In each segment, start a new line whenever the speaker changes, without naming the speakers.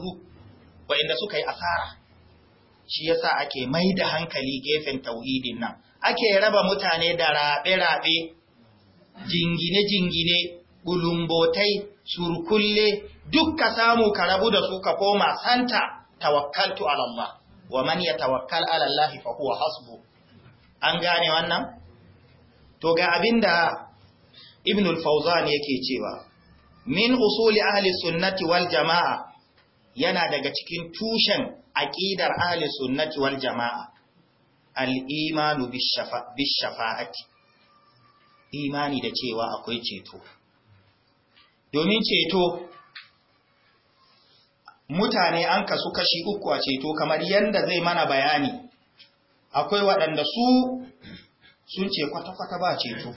ru waɗanda suka yi asara shi yasa ake mai da hankali gefen tauhidin nan ake raba mutane da rabe-rabe jingine-jingine bulumbotai surkulle duk ka samu ka rabu da su ka koma santa tawakkaltu ala Allah wa man yatawakkal ala Allah fa huwa hasbu an gane wannan to ga abinda ibnul al-fawzan yake cewa min usuli ahli sunnati wal jamaa yana daga cikin tushen aƙidar ahli sunnati wal jama'a al'imanu bishafa'ati imani da cewa akwai ceto domin ceto mutane an kasu kashi uku a ceto kamar yadda zai mana bayani akwai waɗanda su sun ce kwata-kwata ba ceto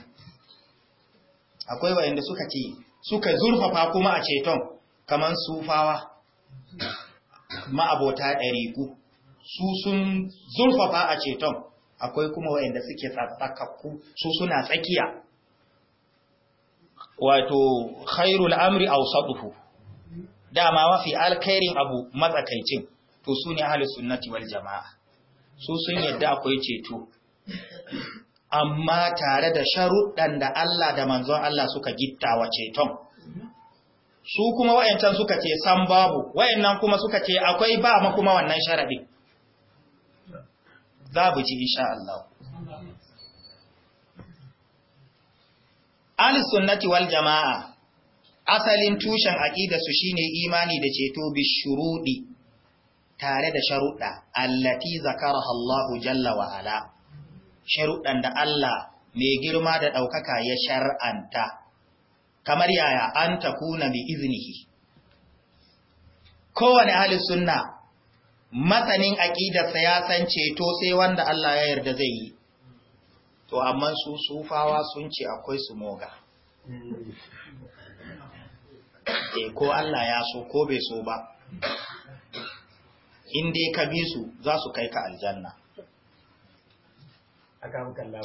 akwai waɗanda suka ce suka zurfafa kuma a ceton kamar sufawa ma'abota ku, su sun zurfafa a ceton akwai kuma wayanda suke tsakakku su suna tsakiya wato khairul amri awsatuhu dama mafi alkhairin abu matsakaicin to su ne ahlus sunnati wal jamaa su sun yadda akwai ceto amma tare da sharuɗan da Allah da manzon Allah suka gittawa ceton su kuma wayancan suka ce san babu wayannan kuma suka ce akwai ba ma kuma wannan sharadi za bu ji insha Allah al sunnati wal jama'a asalin tushen aqida su shine imani da ceto bi tare da sharuɗa allati zakaraha Allah jalla wa ala sharuɗan da Allah mai girma da ɗaukaka ya shar'anta kamar yaya an takuna bi iznihi kowane ahli sunna masanin aqidarsa ya san ceto sai wanda Allah ya yarda zai yi to amma su sufawa sun ce akwai su moga e ko Allah ya so ko bai so ba in ka bi su za su kai ka aljanna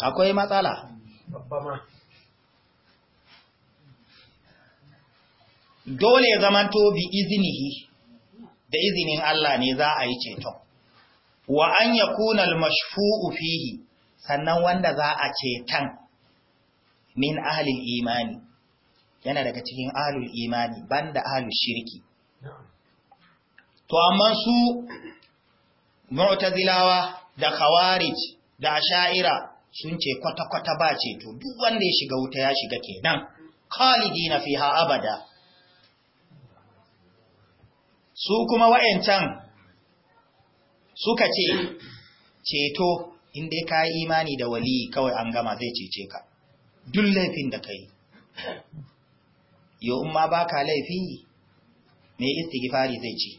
akwai matsala dole ya zamanto bi izinihi da izinin Allah ne za a yi ceto wa an yakuna al-mashfu'u fihi sannan wanda za a cetan min ahlil imani yana daga cikin ahlul imani banda ahlul shirki to amma su mu'tazilawa da khawarij da asha'ira sun ce kwata-kwata ba ceto duk wanda ya shiga wuta ya shiga kenan khalidina fiha abada su kuma wa'yancan suka ce ceto inda ka yi imani da wali kawai an gama zai cece ka duk laifin da ka yi yau ma ba ka laifi mai istighfari zai ce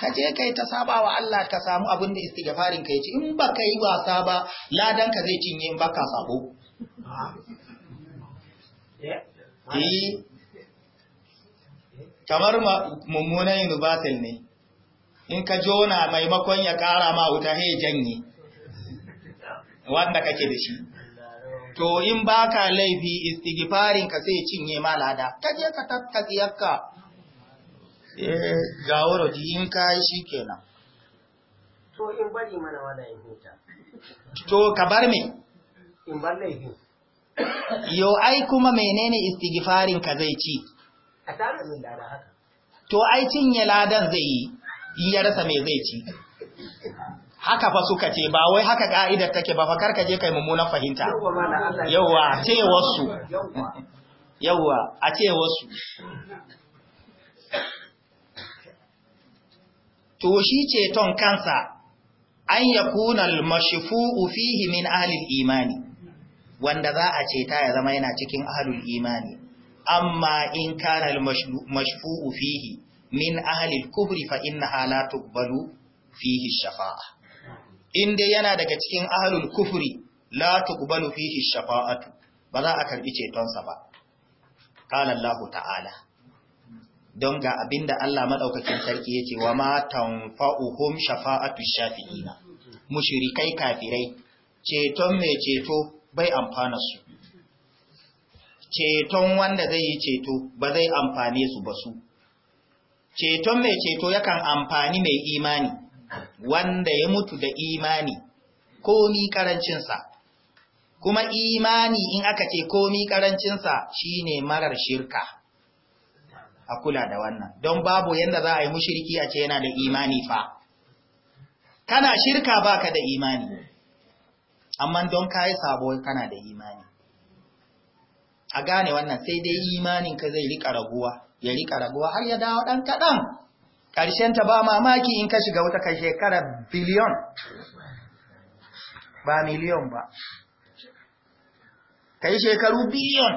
ka je kai ta saba wa Allah ka samu abin da istighfarin ka yace in ba ka yi wasa ba ladan ka zai cinye in ba ka sabo ah. eh kamar mummunan universal ne in ka jona maimakon ya ƙara ma wuta ya janye wanda kake da shi to in baka laifi istighfarin ka sai cinye ma lada kaje ka tattiyarka eh gawaro ji in shi kenan. to in bari mana wala ya huta to ka bar me in bar laifi yo ai kuma menene istighfarin ka zai ci to ai cinye ladan zai yi in ya rasa me zai ci haka fa suka ce ba wai haka ka'idar take ba fa ka je kai mummunan fahimta Yauwa, a ce wasu Yauwa, a ce wasu to shi ceton kansa an ya al mashifu ufihi min ahalin imani wanda za a ceta ya zama yana cikin ahalin imani amma in kana al-mashfu'u fihi min ahli al-kufri fa innaha la tuqbalu fihi shafa'a in dai yana daga cikin ahlul kufri la tuqbalu fihi shafa'atu ba za a karbi ceton sa ba qala Allah ta'ala don ga abinda Allah madaukakin sarki yace wa ma tanfa'uhum shafa'atu shafi'ina mushrikai kafirai ceton mai ceto bai amfana su ceton wanda zai yi ceto ba zai amfane su ba su ceton mai ceto yakan amfani mai imani wanda ya mutu da imani komi karancinsa kuma imani in aka ce komi karancinsa shine marar shirka a kula da wannan don babu yadda za a yi mushirki a ce yana da imani fa kana shirka baka da imani amma don kayi sabo kana da imani a gane wannan sai dai imanin ka zai rika raguwa ya rika raguwa har ya dawo dan kadan karshen ta ba mamaki in ka shiga wata kai shekara biliyon ba miliyon ba kai shekaru biliyon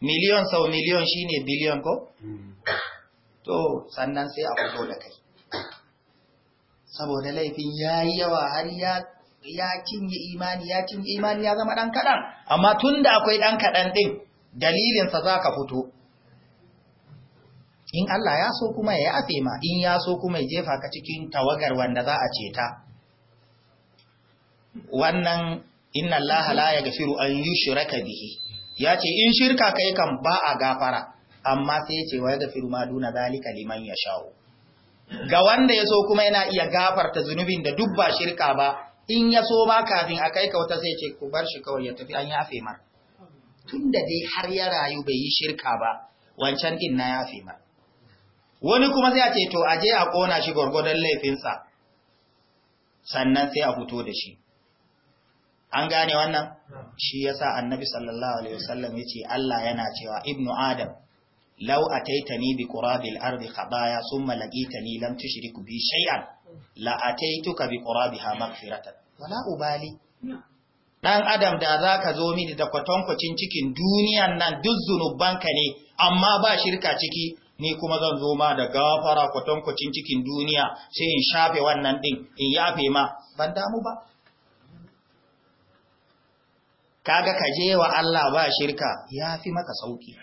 miliyon sau miliyon shine biliyon ko to sannan sai a fito da kai saboda laifin yayi yawa har ya ya cinye imani ya cinye imani ya zama ɗan kaɗan amma tunda akwai ɗan kaɗan ɗin dalilinsa za ka fito in Allah ya so kuma ya yafe ma in ya so kuma ya jefa ka cikin tawagar wanda za a ta. wannan inna Allah la yaghfiru an yushraka bihi ya ce in shirka kai kan ba a gafara amma sai ce wa yaghfiru ma duna zalika liman yasha'u ga wanda ya so kuma yana iya gafarta zunubin da duk ba shirka ba in ya so ma kafin a kai ka wata sai ce ku bar shi kawai ya tafi an yafe mar tun da dai har ya rayu bai yi shirka ba wancan din na yafe mar wani kuma sai a ce to aje a kona shi gwargwadon laifinsa sannan sai a fito da shi an gane wannan shi yasa annabi sallallahu alaihi wasallam yace Allah yana cewa ibnu adam law ataitani bi qurabil ardi khabaya thumma laqitani lam tushrik bi shay'an la'ataituka bi qurabiha maghfiratan wala ubali dan adam da zaka zo mini da kwatankwacin cikin duniyan nan duk zunubanka ne amma ba shirka ciki ni kuma zan zo ma da gafara kwatankwacin cikin duniya sai in shafe wannan din in yafe ma ban damu ba kaga ka je wa Allah ba shirka yafi maka sauki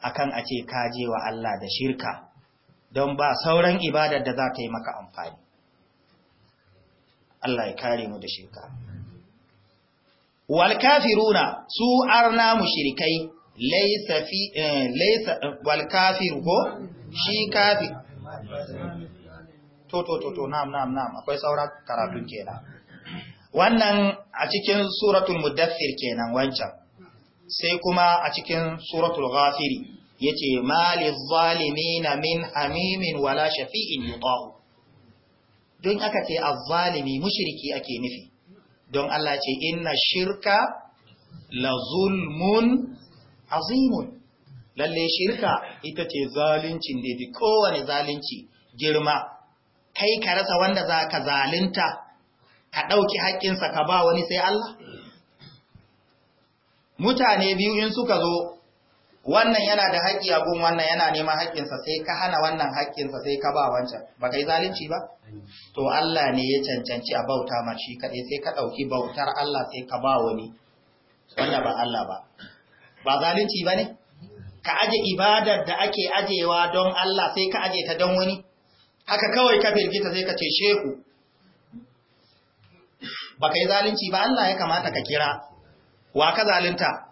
akan a ce ka je wa Allah da shirka don ba sauran ibadar da za ta yi maka amfani Allah ya kare mu da shirka wal kafiruna su arna mushrikai laysa fi eh, laysa ko shi kafir to to to to akwai sauran karatu kenan wannan a cikin suratul mudaffir kenan wancan sai kuma a cikin suratul ghafiri yace maliz zalimina min hamimin wala shafi'in yuta'u don aka ce azzalimi mushriki ake nufi don Allah ce inna shirka la zulmun azimun lalle shirka ita ce zaluncin da bi kowane zalunci girma kai ka rasa wanda za ka zalunta ka ɗauki haƙƙinsa ka ba wani sai Allah mutane biyu in suka zo wannan yana da haƙƙi a gun wannan yana neman haƙƙinsa sai ka hana wannan haƙƙinsa sai ka ba wancan ba ka yi zalunci ba to Allah ne ya cancanci a bauta ma shi kaɗai sai ka ɗauki bautar Allah sai ka ba wani wanda ba Allah ba ba zalunci ba ne ka aje ibadar da ake ajewa don Allah sai ka aje ta don wani haka kawai ka firgita sai ka ce shehu ba ka yi zalunci ba Allah ya kamata ka kira wa ka zalunta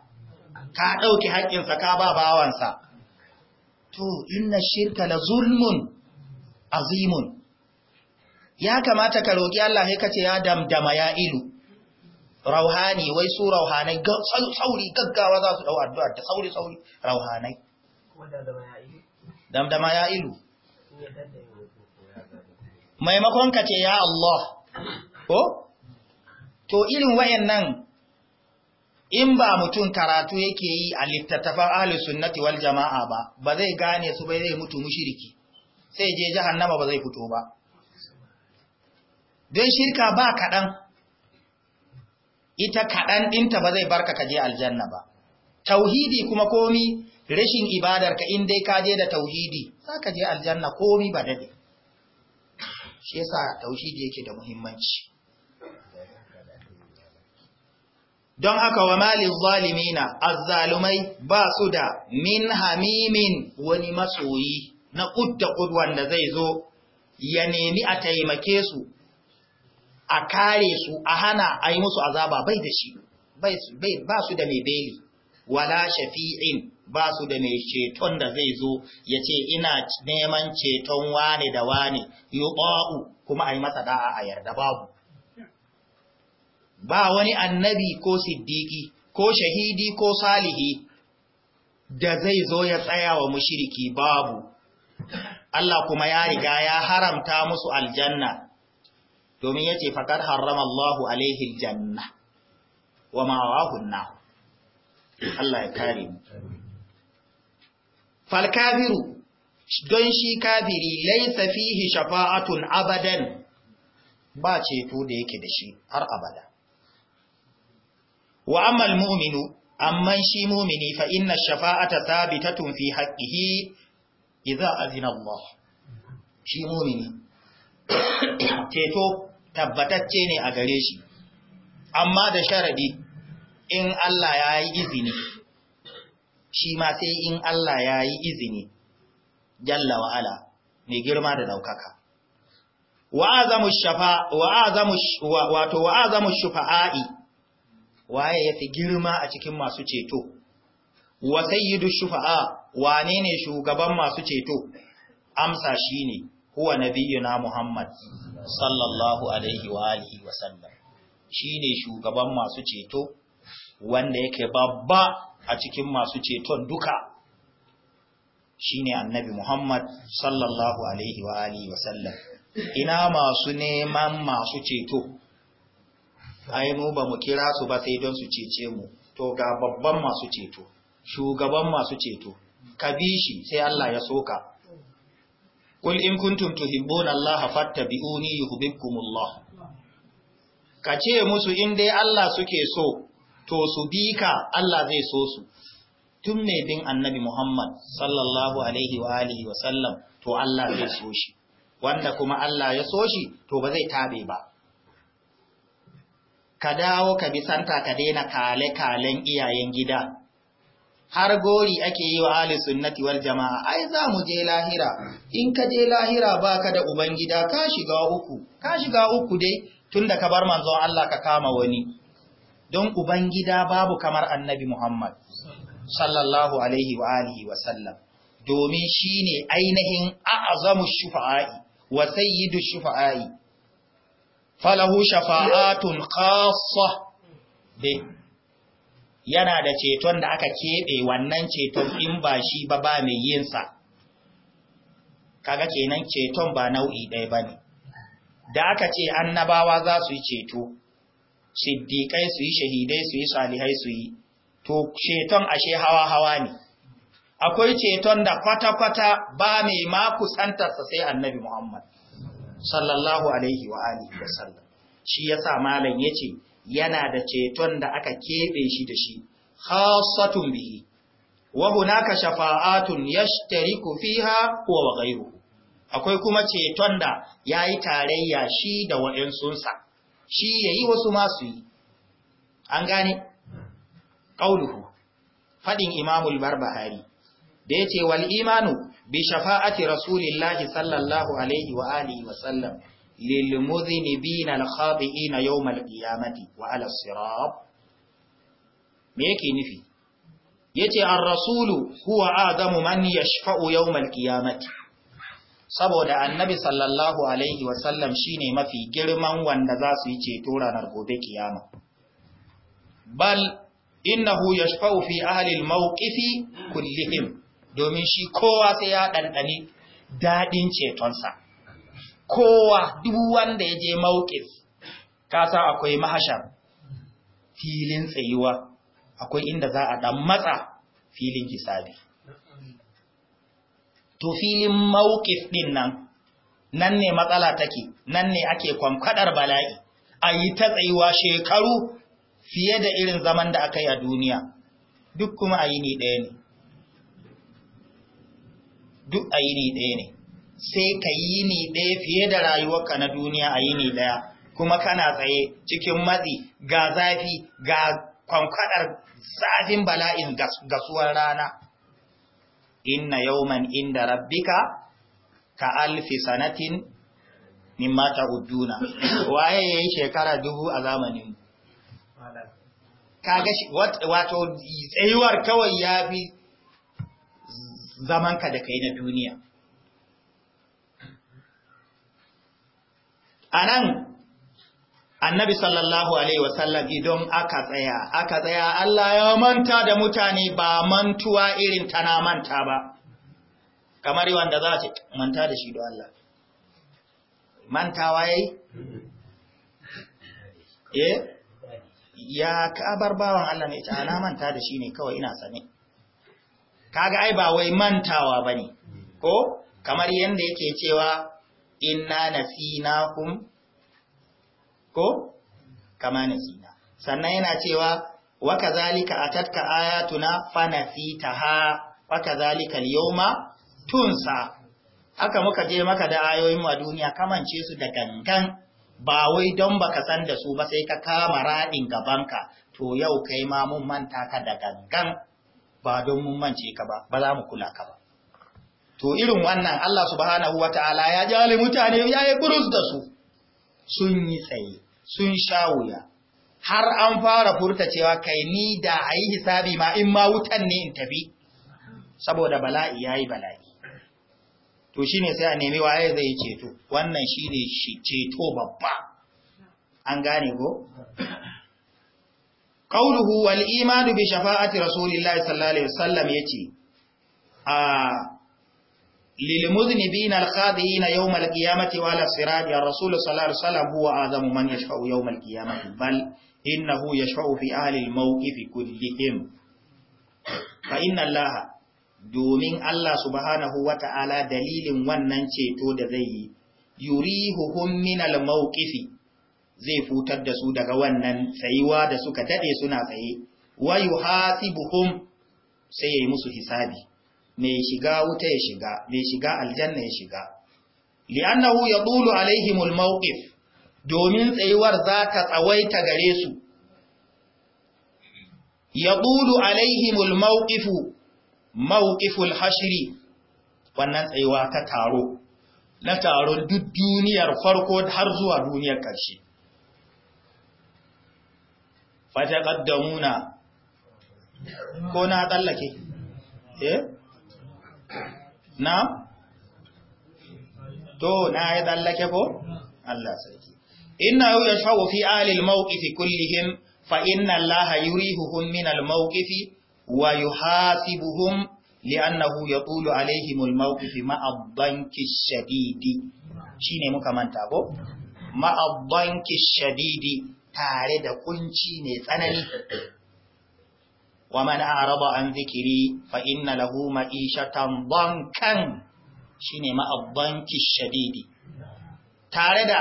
ka ɗauki haƙƙinsa ka ba bawansa to inna shirka la zulmun azimun ya kamata ka roƙi Allah sai kace ya damdama ya ilu rauhani wai su rauhanai sauri gaggawa za su dau addu'ar da sauri sauri rauhanai damdama ya ilu maimakon kace ya Allah ko to irin wayannan in ba mutum karatu yake yi a littattafan ahalus sunnati wal jama'a ba ba zai gane su bai zai mutu mushriki sai je jahannama ba zai fito ba don shirka ba kaɗan ita kaɗan ɗinta ba zai barka ka je aljanna ba tauhidi kuma komi rashin ibadarka in dai ka je da tauhidi za ka je aljanna komi ba dade shi yasa tauhidi yake da muhimmanci don haka wa malin zalimina azzalumai ba su da min hamimin wani masoyi na kudda kud da zai zo ya nemi a taimake su a kare su a hana a yi musu azaba bai da shi ba su da mai beli wala shafi'in ba su da mai ceton da zai zo ya ce ina neman ceton wane da wane yi kuma a yi masa da'a a yarda babu ba wani annabi ko siddiki ko shahidi ko salihi da zai zo ya tsaya wa mushiriki babu Allah kuma ya riga ya haramta musu aljanna domin ya ce faƙar harrama Allahu alaihi janna wa ma'awahun na Allah ya kare mu don shi kafiri laisa fihi shafa'atun abadan ba ceto da yake da shi har abada wa ammal mu'minu amman shi mumini fa inna shafa'ata thabitatun fi haqqihi idza azina Allah shi mumini ceto tabbatacce ne a gare shi amma da sharadi in Allah ya yi izini shi ma sai in Allah ya yi izini jalla wa ala mai girma da daukaka wa azamu shafa wa azamu wato wa azamu shufa'i waye ya fi girma a cikin masu ceto wa sayyidu shufa'a wane ne shugaban masu ceto amsa shine huwa nabiyuna muhammad sallallahu alaihi wa alihi wa sallam shine shugaban masu ceto wanda yake babba a cikin masu ceton duka shine annabi Muhammad sallallahu alaihi wa alihi wa sallam ina masu neman masu ceto ai mu ba mu kira su ba sai don su cece mu to ga babban masu ceto shugaban masu ceto ka bi shi sai Allah ya soka kul in kuntum tuhibbuna Allah fattabi'uni yuhibbukumullah ka ce musu in dai Allah suke so to su bi ka Allah zai so su tun ne bin annabi Muhammad sallallahu alaihi wa alihi wa sallam to Allah zai so shi wanda kuma Allah ya so shi to ba zai tabe ba ka dawo ka bi santa ka daina kale-kalen iyayen gida har gori ake yi wa ahli sunnati wal jama'a ai za mu je lahira in ka je lahira ba ka da ubangida ka shiga uku ka shiga uku dai tunda ka bar manzon Allah ka kama wani don ubangida babu kamar annabi Muhammad sallallahu alaihi wa alihi wa sallam domin shine ainihin a'zamu shufa'i wa sayyidu shufa'i falahu shafa'atun khassa dai yana da ceton da aka keɓe wannan ceton in ba shi ba ba mai yinsa kaga kenan ceton ba nau'i ɗaya bane da aka ce annabawa za su yi ceto siddiqai su yi shahidai su yi salihai su yi to ceton ashe hawa-hawa ne akwai ceton da kwata-kwata ba mai sa sai annabi muhammad sallallahu alaihi wa alihi wa sallam shi yasa malam yace yana da ceton da aka kebe shi da shi khassatun bihi wa hunaka shafa'atun yashtariku fiha huwa wa ghayruhu akwai kuma ceton da yayi tarayya shi da wa'insunsa shi yayi wasu ma su yi an gane qauluhu fadin imamul barbahari da yace wal imanu bi shafa'ati rasulillahi sallallahu alaihi wa alihi wa sallam lil mudhinibina al khati'ina yawm al qiyamati wa ala sirab? me yake nufi yace ar rasulu huwa adamu man yashfa'u yawm al qiyamati saboda annabi sallallahu alaihi wa sallam shine mafi girman wanda za su yi ceto ranar gobe kiyama bal innahu yashfa'u fi ahli al mawqifi kullihim domin shi kowa sai ya ɗanɗani daɗin cetonsa kowa duk wanda ya je ka kasa akwai mahashar filin tsayuwa akwai inda za a ɗan matsa filin hisabi to filin mawqif ɗin nan nan ne matsala take nan ne ake kwamfadar bala'i a yi ta tsayuwa shekaru fiye da irin zaman da aka yi a duniya duk kuma a yi ni ɗaya ne duk a yini ɗaya ne sai ka yi yini ɗaya fiye da rayuwarka na duniya a yini ɗaya kuma kana tsaye cikin matsi ga zafi ga kwankwadar zafin bala'in ga suwan rana inna yawman inda rabbika ka alfi sanatin mata uduna waye ya yi shekara dubu a zamanin gashi, wato tsayuwar kawai ya fi. zamanka da kai na duniya anan annabi sallallahu alaihi wasallam idan aka tsaya aka tsaya Allah ya manta da mutane ba mantuwa irin tana manta ba kamar wanda za ta manta da shi da Allah mantawa yayi eh ya bar bawan Allah ne ta na manta da shi ne kawai ina sane kaga ai ba wai mantawa bane ko kamar yanda yake cewa inna nasinakum ko kama nasina sannan yana cewa wa kazalika atatka ayatuna ha, wa kazalika al tunsa aka muka je maka da ayoyin mu a duniya kamance su da gangan ba wai don baka san da su ba sai ka kama radin gabanka to yau kai ma mun manta ka da gangan ba don mun mance ka ba ba za mu kula ka ba to irin wannan Allah subhanahu wata'ala ya jale mutane ya yi burus da su sun yi tsaye sun sha wuya har an fara furta cewa kai ni da a yi hisabi ma in ma wutan ne in tafi saboda bala'i ya yi bala'i to shi ne sai a nemi waye zai ceto wannan shi ne ceto babba an gane ko Ƙauluhu wal imanu bi shafa'ati Rasulillah sallallahu Alaihi wasallam ya ce, A lilmuzni al alkhadi na yau malkiyamati wa lasirari a Rasulun sallallahu Alaihi wasallam huwa azamu man ya shafa'u yau malkiyamati bal innahu ya shafa'u fi ahalil mawqifi kullihim. Fa inna Allah domin Allah subhanahu wa ta'ala dalilin wannan ceto da zai yi, yurihuhum min al-mawqifi zai futar da su daga wannan tsayuwa da suka dade suna tsaye wa yuhasibuhum sai yayi musu hisabi mai shiga wuta ya shiga mai shiga aljanna ya shiga li'annahu yadulu alaihimul mawqif domin tsayuwar za ta tsawaita gare su yadulu alaihimul mawqifu mawqiful hashri wannan tsayiwa ta taro na taron duk duniyar farko har zuwa duniyar ƙarshe ƙaddamuna. ko na tsallake eh na to na ya tsallake ko Allah sarki inna yau ya shawo fi alil mawqifi kullihim fa inna allaha yurihuhum min al mawqifi wa yuhasibuhum li'annahu yaqulu alaihim al mawqifi ma'a dhanki shadidi shine muka manta ko ma'a dhanki shadidi tare da kunci mai tsanani wa araba an zikiri fa inna lahu ma'ishatan bankan shine ma'abbanki shadidi tare da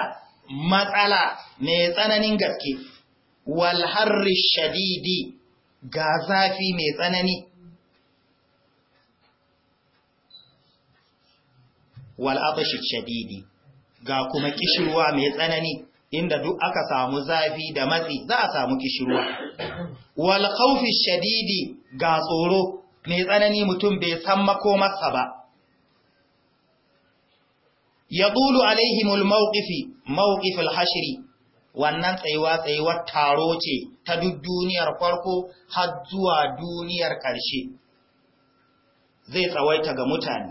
matsala mai tsananin gaske wal harri shadidi ga zafi mai tsanani wal shadidi ga kuma kishirwa mai tsanani inda duk aka samu zafi da matsi za a samu kishirwa wal khawfi shadidi ga tsoro mai tsanani mutum bai san makomarsa ba Ya yadulu alaihimul mawqifi mawqifil Hashiri, wannan tsayuwa tsayuwar taro ce ta duk duniyar farko har zuwa duniyar ƙarshe zai tsawaita ga mutane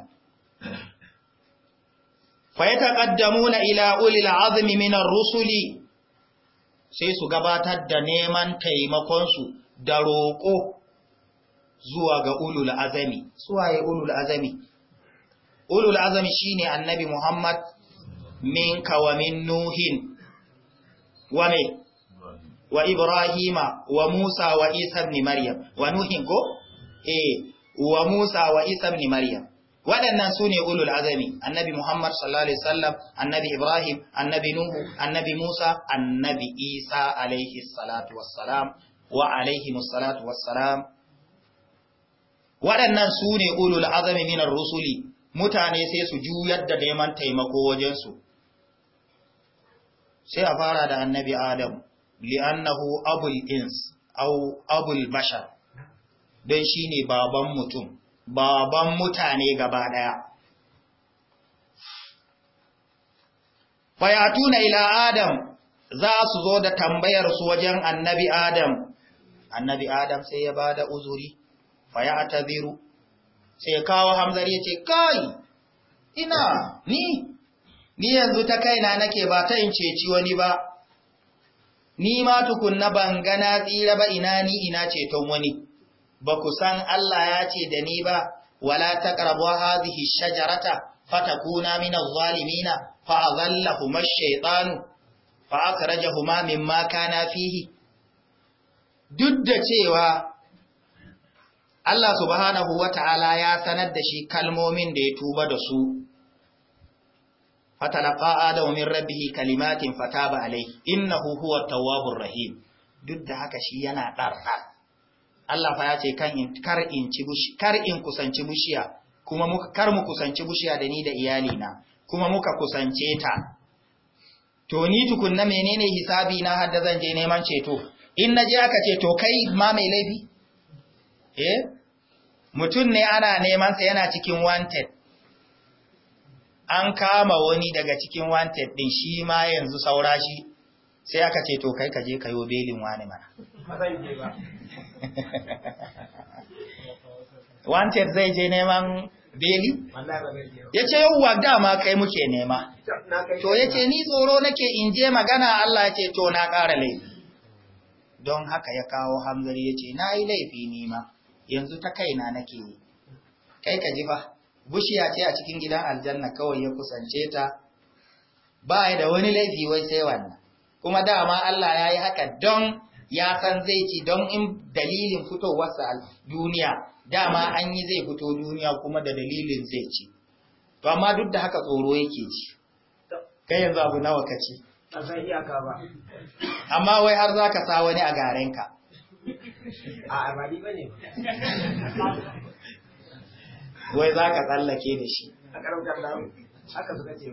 fa ila ulil azmi minar rusuli sai su gabatar da neman taimakon su da roƙo zuwa ga ulul azami suwaye ulul azami ulul azami shine annabi Muhammad minka wa min nuhin wa ne wa ibrahima wa musa wa isa ibn maryam wa nuhin ko eh wa musa wa isa ibn maryam waɗannan su ne ulul azami annabi muhammad sallallahu alaihi wasallam annabi ibrahim annabi nuhu annabi musa annabi isa alaihi salatu wassalam wa alaihi musallatu wassalam waɗannan su ne ulul azami minar rusuli mutane sai su juyar da neman taimako wajensu sai a fara da annabi adam li'annahu abul ins au abul bashar don shine baban mutum baban mutane gaba ɗaya. Fayatuna ila Adam za su zo da tambayar su wajen annabi Adam, annabi Adam sai ya ba da uzuri, faya biru, sai kawo hamzari ya ce, Kai, ina, ni, ni yanzu ta kaina nake ba ta in ceci wani ba, ni ma tukunna ban gana tsira ba ina ni ina ceton wani. ba ku san Allah ya ce da ni ba, wala ta ƙarbuwa hazihi shajarata, fatakuna mina zalimina, fa'azalla humar shaiɗanu, fa'aka raja huma min maka na fihi. Duk da cewa Allah subhanahu wa ta'ala ya sanar da shi kalmomin da ya tuba da su, fatalaka Adamu min rabbihi kalimatin ba alai, innahu huwa tawwabur rahim, duk da haka shi yana ɗarɗar. Allah fa ya ce kan kar in ci bushi kusanci bushiya kuma kar mu kusanci bushiya da ni da iyali na kuma muka kusance ta to ni tukunna menene hisabi na hadda zan je neman ceto in naje aka ce to kai ma mai laifi eh mutum ne ana neman sa yana cikin wanted an kama wani daga cikin wanted ɗin shi ma yanzu saura shi sai aka ce to kai ka je ka kayo belin wani mana wanted zai je neman beli ya ce yauwa dama kai muke nema to ya ce ni tsoro nake in je magana Allah ce to na ƙara laifi don haka ya kawo hanzari ya ce na yi laifi nima yanzu ta kaina nake yi kai ka ji ba bushiya ce a cikin gidan aljanna kawai ya kusance ta ba da wani laifi wai sai wannan kuma dama Allah ya yi haka don ya san zai ci don in dalilin fitowarsa duniya dama an yi zai fito duniya kuma da dalilin zai ci to amma duk da haka tsoro yake ci kai yanzu abu nawa ka ci amma wai har za ka sa wani a garenka a wai za ka tsallake da shi a haka suka ce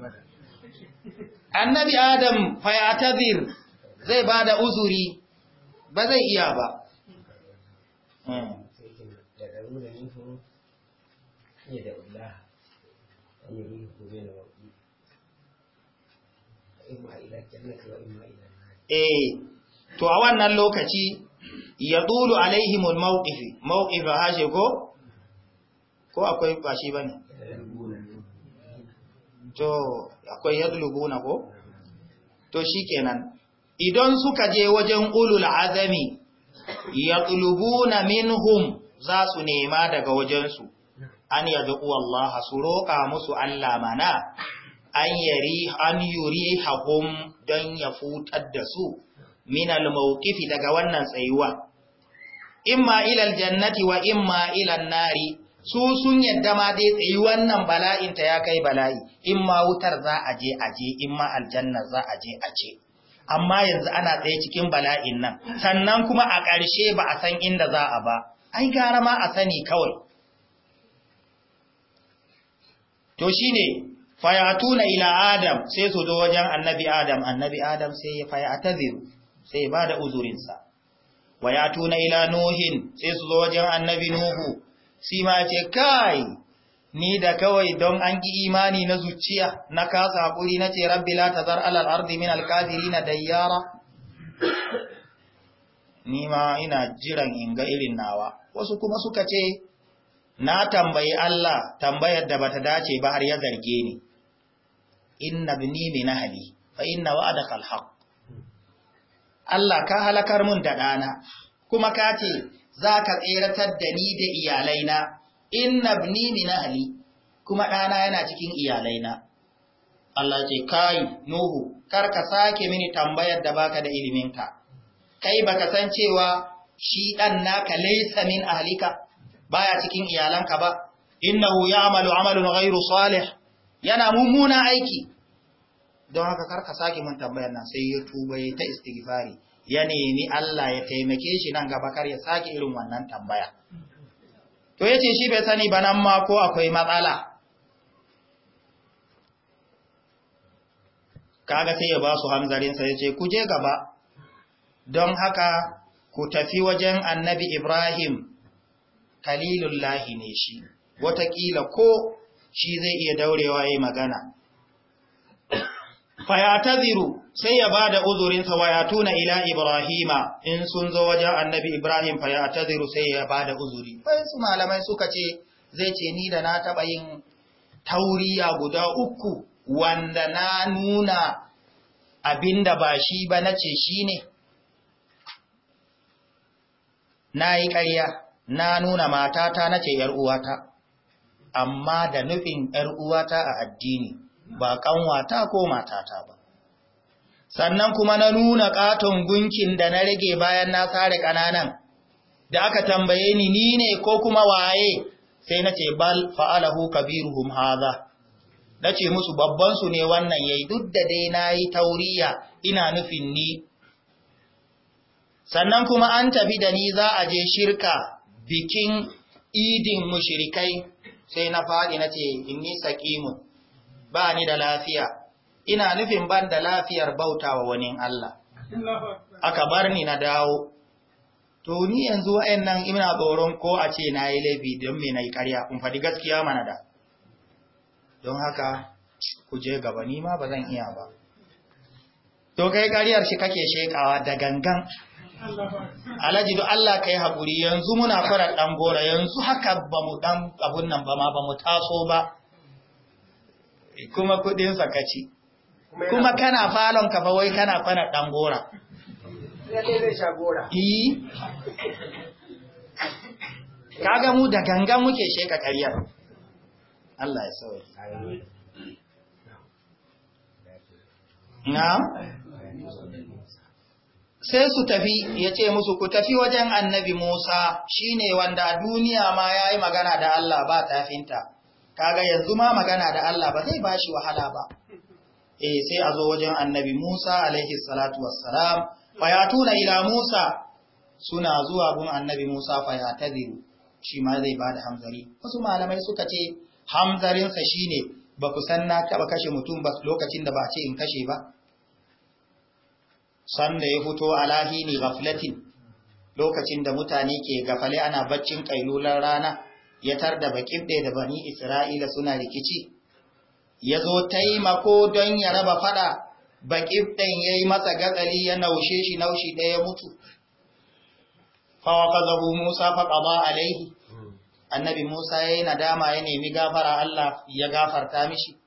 annabi adam fayatazir zai bada uzuri ba zai iya ba hmm. eh to a wannan lokaci ya dulu alaihimul mawqifi mawqifa hashe ko ko akwai bashi bane to akwai yadlubuna ko to shikenan idan suka je wajen ulul azami ya na minhum za su nema daga wajensu an yadda Allah su roƙa musu Allah mana an yari an yuri don ya futar da su minal mawqifi daga wannan tsayuwa imma ilal jannati wa imma ilal nari su sun yadda ma dai tsayi wannan bala'in ta ya kai bala'i imma wutar za a je a je imma aljanna za a je a ce amma yanzu ana tsaye cikin bala'in nan sannan kuma a ƙarshe ba a san inda za a ba ai gara ma a sani kawai to shine fayatuna ila adam sai su zo wajen annabi adam annabi adam sai ya fayataziru sai ba da uzurinsa wayatuna ila nuhin sai su zo wajen annabi nuhu Sima ma ce kai ni da kawai don an ƙi imani na zuciya na kasa haƙuri na ce rabbi la tazar alal ardi min na dayyara ni ma ina jiran in ga irin nawa wasu kuma suka ce na tambayi Allah tambayar da bata dace ba har ya zarge ni inna bini min ahli fa inna wa'adaka alhaq Allah ka halakar mun da dana kuma ka ce zaka tseratar da ni da iyalaina inna ibni min Ali, kuma ɗana yana cikin iyalaina Allah ce kai nuhu kar ka sake mini tambayar da baka da ilimin ka kai baka san cewa shi dan naka laysa min ahlika baya cikin iyalanka ba innahu ya'malu amalan ghayru salih yana mummuna aiki don haka kar ka sake min tambayar nan sai ya tuba ya ta istighfari ya nemi Allah ya taimake shi nan gaba kar ya sake irin wannan tambaya to ya shi bai sani ba nan ma ko akwai matsala kaga sai ya ba su hamzarinsa ya ce ku je gaba don haka ku tafi wajen annabi ibrahim kalilullahi ne shi watakila ko shi zai iya daurewa ya magana fayataziru sai ya bada uzurinsa wa yatuna ila ibrahima in sun zo wajen annabi ibrahim fayataziru sai ya bada uzuri su malamai suka ce zai ce ni da na taba yin tauriya guda uku wanda na nuna abinda ba shi ba nace shine na yi ƙarya na nuna matata nace yar uwata amma da nufin yar uwata a addini ba kanwata ko matata ba sannan kuma na nuna ƙaton gunkin da na rage bayan na sare ƙananan, da aka tambaye ni ni ne ko kuma waye sai na ce bal fa'alahu kabiruhum haza na ce musu babban su ne wannan yayi duk da dai na yi tauriya ina nufin ni sannan kuma an tafi da ni za a je shirka bikin idin mushrikai sai na faɗi na ce inni saqimun ba ni da lafiya ina nufin ban da lafiyar bauta wa wani Allah aka bar ni na dawo to ni yanzu nan ina tsoron ko a ce na yi laifi don me na yi karya, kun faɗi gaskiya mana da don haka ku je gaba ni ma ba zan iya ba to kai kariyar shi kake shekawa da gangan alhaji do Allah ka yi haƙuri yanzu muna farar ɗan gora yanzu haka ba mu ɗan abun nan ba ma ba mu taso ba kuma kudinsa ka ci kuma kana falon ka fa wai kana kwana dan gora kaga mu da ganga muke sheka ƙaryar Allah ya sauke na sai su tafi ya ce musu ku tafi wajen annabi Musa shine wanda duniya ma ya yi magana da Allah ba tafinta kaga yanzu ma magana da Allah ba zai bashi wahala ba eh sai a zo wajen annabi Musa alaihi salatu wassalam fayatuna ila Musa suna zuwa gun annabi Musa fayataziru shi ma zai bada hamzari wasu malamai suka ce hamzarin sa shine ba ku san na taba kashe mutum ba lokacin da ba ce in kashe ba san da ya fito alahi ne gaflatin lokacin da mutane ke gafale ana baccin kailular rana ya tar tarda baƙibɗe da bani Isra'ila suna rikici, ya zo taimako don ya raba fada baƙibɗen ya yi masa gatsali ya naushe shi naushi ɗaya mutu. Fawa ka zahu Musa faƙa ba alaihi, annabi Musa ya yi nadama ya nemi gafara Allah ya gafarta mishi,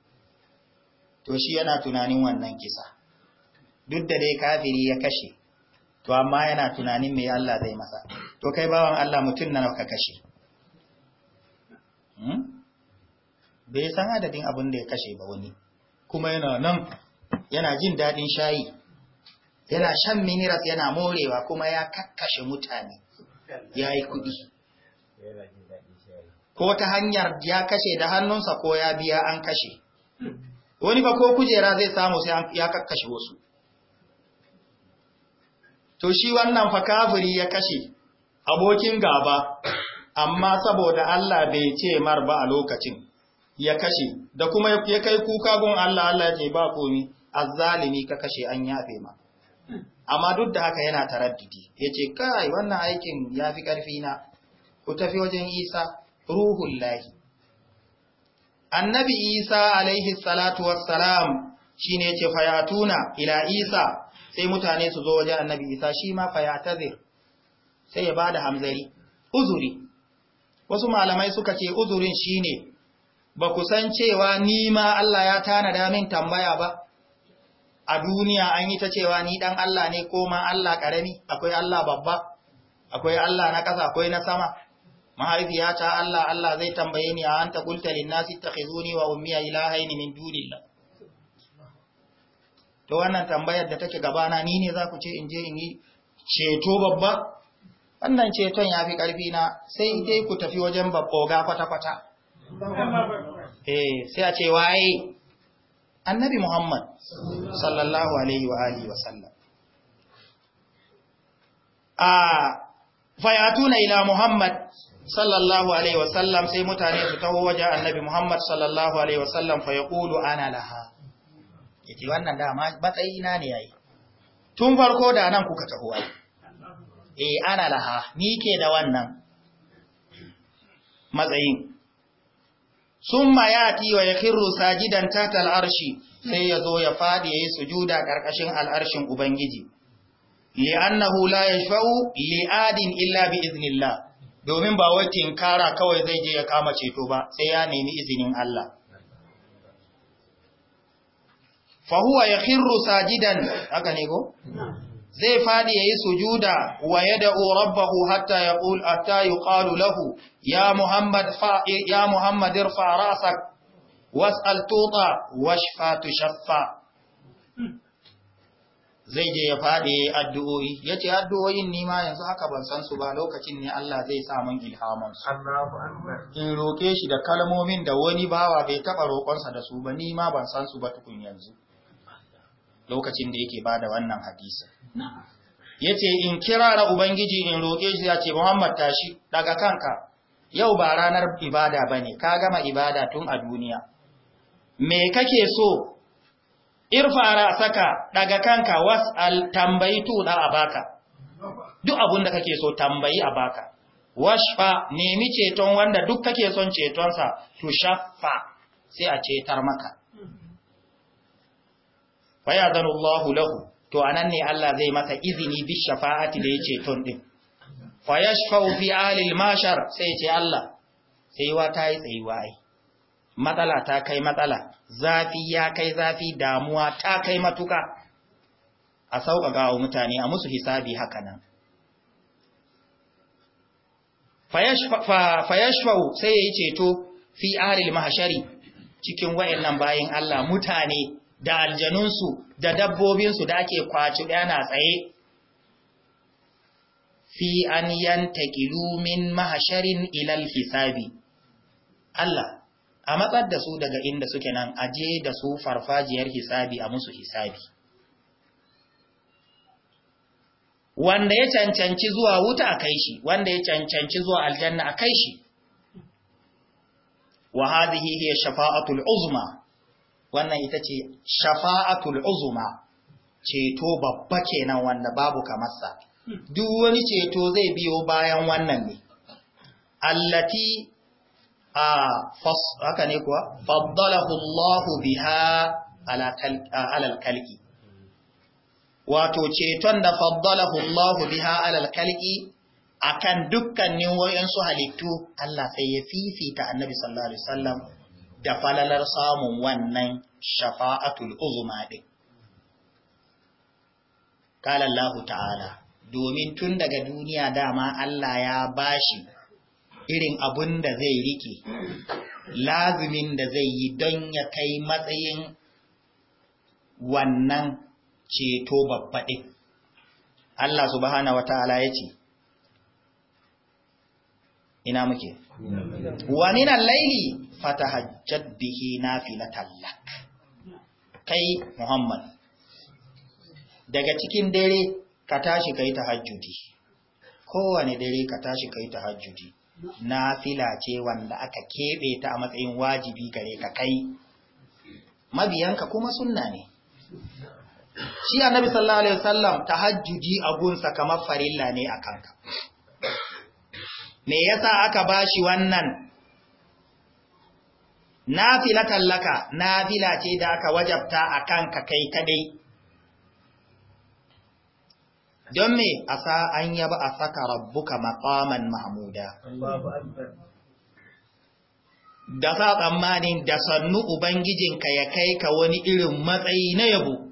to shi yana tunanin wannan kisa, duk da dai kafiri ya kashe, to amma yana tunanin mai Allah zai masa, to kai bawan Allah mutum na ka kashe. Hmm? bai san adadin abin da ya kashe ba wani kuma yana nan yana jin daɗin shayi yana shan miniras yana morewa kuma ya kakkashe mutane ya yi kuɗi ko ta hanyar ya kashe da hannunsa ko ya biya an kashe wani ba ko kujera zai samu sai ya kakkashe wasu to shi wannan fa kafiri ya kashe abokin gaba amma saboda Allah bai ce mar ba a lokacin ya kashe da kuma ya kai kuka gun Allah Allah ce ba komi azzalimi ka kashe an yafe ma amma duk da haka yana taraddudi yace kai wannan aikin yafi karfi na ku tafi wajen Isa ruhul lahi annabi Isa alaihi salatu wassalam shine yace fayatuna ila Isa sai mutane su zo wajen annabi Isa shi ma fayatazir sai ya bada hamzari uzuri wasu malamai suka ce uzurin shine ba ku san cewa ni ma Allah ya tanada min tambaya ba a duniya an yi ta cewa ni dan Allah ne ko ma Allah karami akwai Allah babba akwai Allah na ƙasa akwai na sama mahaifiyata Allah Allah zai tambaye ni a anta qulta lin nasi takhizuni wa ummiya ilahaini min dunillah to wannan tambayar da take gabana ni ne za ku ce in je in yi ceto babba wannan ceton ya fi ƙarfi na sai dai ku tafi wajen babboga kwata-kwata eh sai a ce waye annabi muhammad sallallahu alaihi wa alihi wa sallam a fayatuna ila muhammad sallallahu alaihi wa sallam sai mutane su taho wajen annabi muhammad sallallahu alaihi wa sallam fa yaqulu ana laha yace wannan dama matsayi na ne yayi tun farko da nan kuka taho ai E, ana laha ni ke da wannan matsayin summa yati wa yakhiru sajidan tata al'arshi sai yazo ya fadi yayi sujuda ƙarƙashin al'arshin ubangiji li'annahu la li adin illa bi iznillah domin ba wai kara kawai zai je ya kama ceto ba sai ya nemi izinin Allah fa huwa yakhiru sajidan haka ne go zai fadi yayi sujuda wa yad'u rabbahu hatta yaqul hatta ya muhammad fa ya muhammad irfa ra'sak was'al tuta washfa shaffa. zai je ya fadi addu'o'i yace addu'o'in ni ma yanzu haka ban san su ba lokacin ne Allah zai sa mun ilhaman su in roƙe shi da kalmomin da wani bawa bai taɓa roƙonsa da su ba ni ma ban san su ba tukun yanzu lokacin da yake bada wannan hadisi yace in kirara ubangiji in roke shi yace Muhammad tashi daga kanka yau ba ranar ibada bane ka gama ibada tun a duniya me kake so irfara saka daga kanka was tambayi tambaitu da abaka duk abun da kake so tambayi a baka washfa nemi ceton wanda duk kake son cetonsa to shaffa sai a cetar maka fa ya'zanu Allahu lahu to nan ne Allah zai masa izini bi shafa'ati da yace ton din fa yashfa'u fi alil mashar sai yace Allah tsayuwa ta yi tsayuwa ai matsala ta kai matsala zafi ya kai zafi damuwa ta kai matuka a sauƙaƙa wa mutane a musu hisabi haka nan fayashfau sai ya yi ceto fi alil mashari cikin wayannan bayin Allah mutane da aljanunsu da dabbobinsu da ake kwaci yana tsaye fi an min mahasharin ilal hisabi Allah a matsar da su daga inda suke nan aje da su farfajiyar hisabi a musu hisabi wanda ya cancanci zuwa wuta a kai shi wanda ya cancanci zuwa aljanna a kai shi wa hadhihi hiya shafa'atul uzma wannan ita ce shafa'atul uzuma ceto babba kenan wanda babu kamarsa duk wani ceto zai biyo bayan wannan ne allati a fas haka ne kuwa faddalahu Allahu biha alal kalqi wato ceton da faddalahu Allahu biha alal kalqi akan dukkanin wayansu halittu Allah sai ya fifita Annabi sallallahu alaihi wasallam da falalar samun wannan shafa'atul uzuma ɗin. Allah ta'ala, domin tun daga duniya dama Allah ya bashi irin abun da zai rike, lazumin da zai yi don ya kai matsayin wannan ceto babbaɗin. Allah subhanahu wa ta'ala ya ce, Ina muke? Wani nan al Fata fatahajjad bihi na tallak. kai muhammad daga cikin dare ka tashi kai hajjudi kowane dare ka tashi kai tahajjudi Na ce wanda aka keɓe ta a matsayin wajibi gare ka kai mabiyanka kuma sunna ne shi annabi sallallahu alaihi wasallam hajjudi a gunsa kamar farilla ne a kanka me yasa aka bashi wannan nafila tallaka nafila ce da aka wajabta a ka kai kadai don me a sa an yaba a saka rabbuka maqaman mahmuda da sa tsammanin da sannu ubangijinka ya kai ka wani irin matsayi na yabo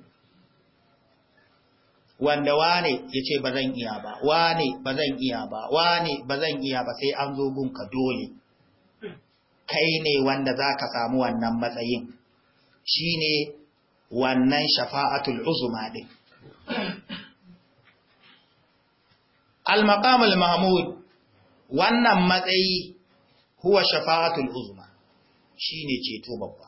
wanda wane ya ce ba zan iya ba wane ba zan iya ba wane ba zan iya ba sai an zo gunka dole kai ne wanda za ka samu wannan matsayin shi ne wannan shafa'atul uzuma ɗin al-maqamul mahmud wannan matsayi huwa shafa'atul uzuma shi ne ceto babba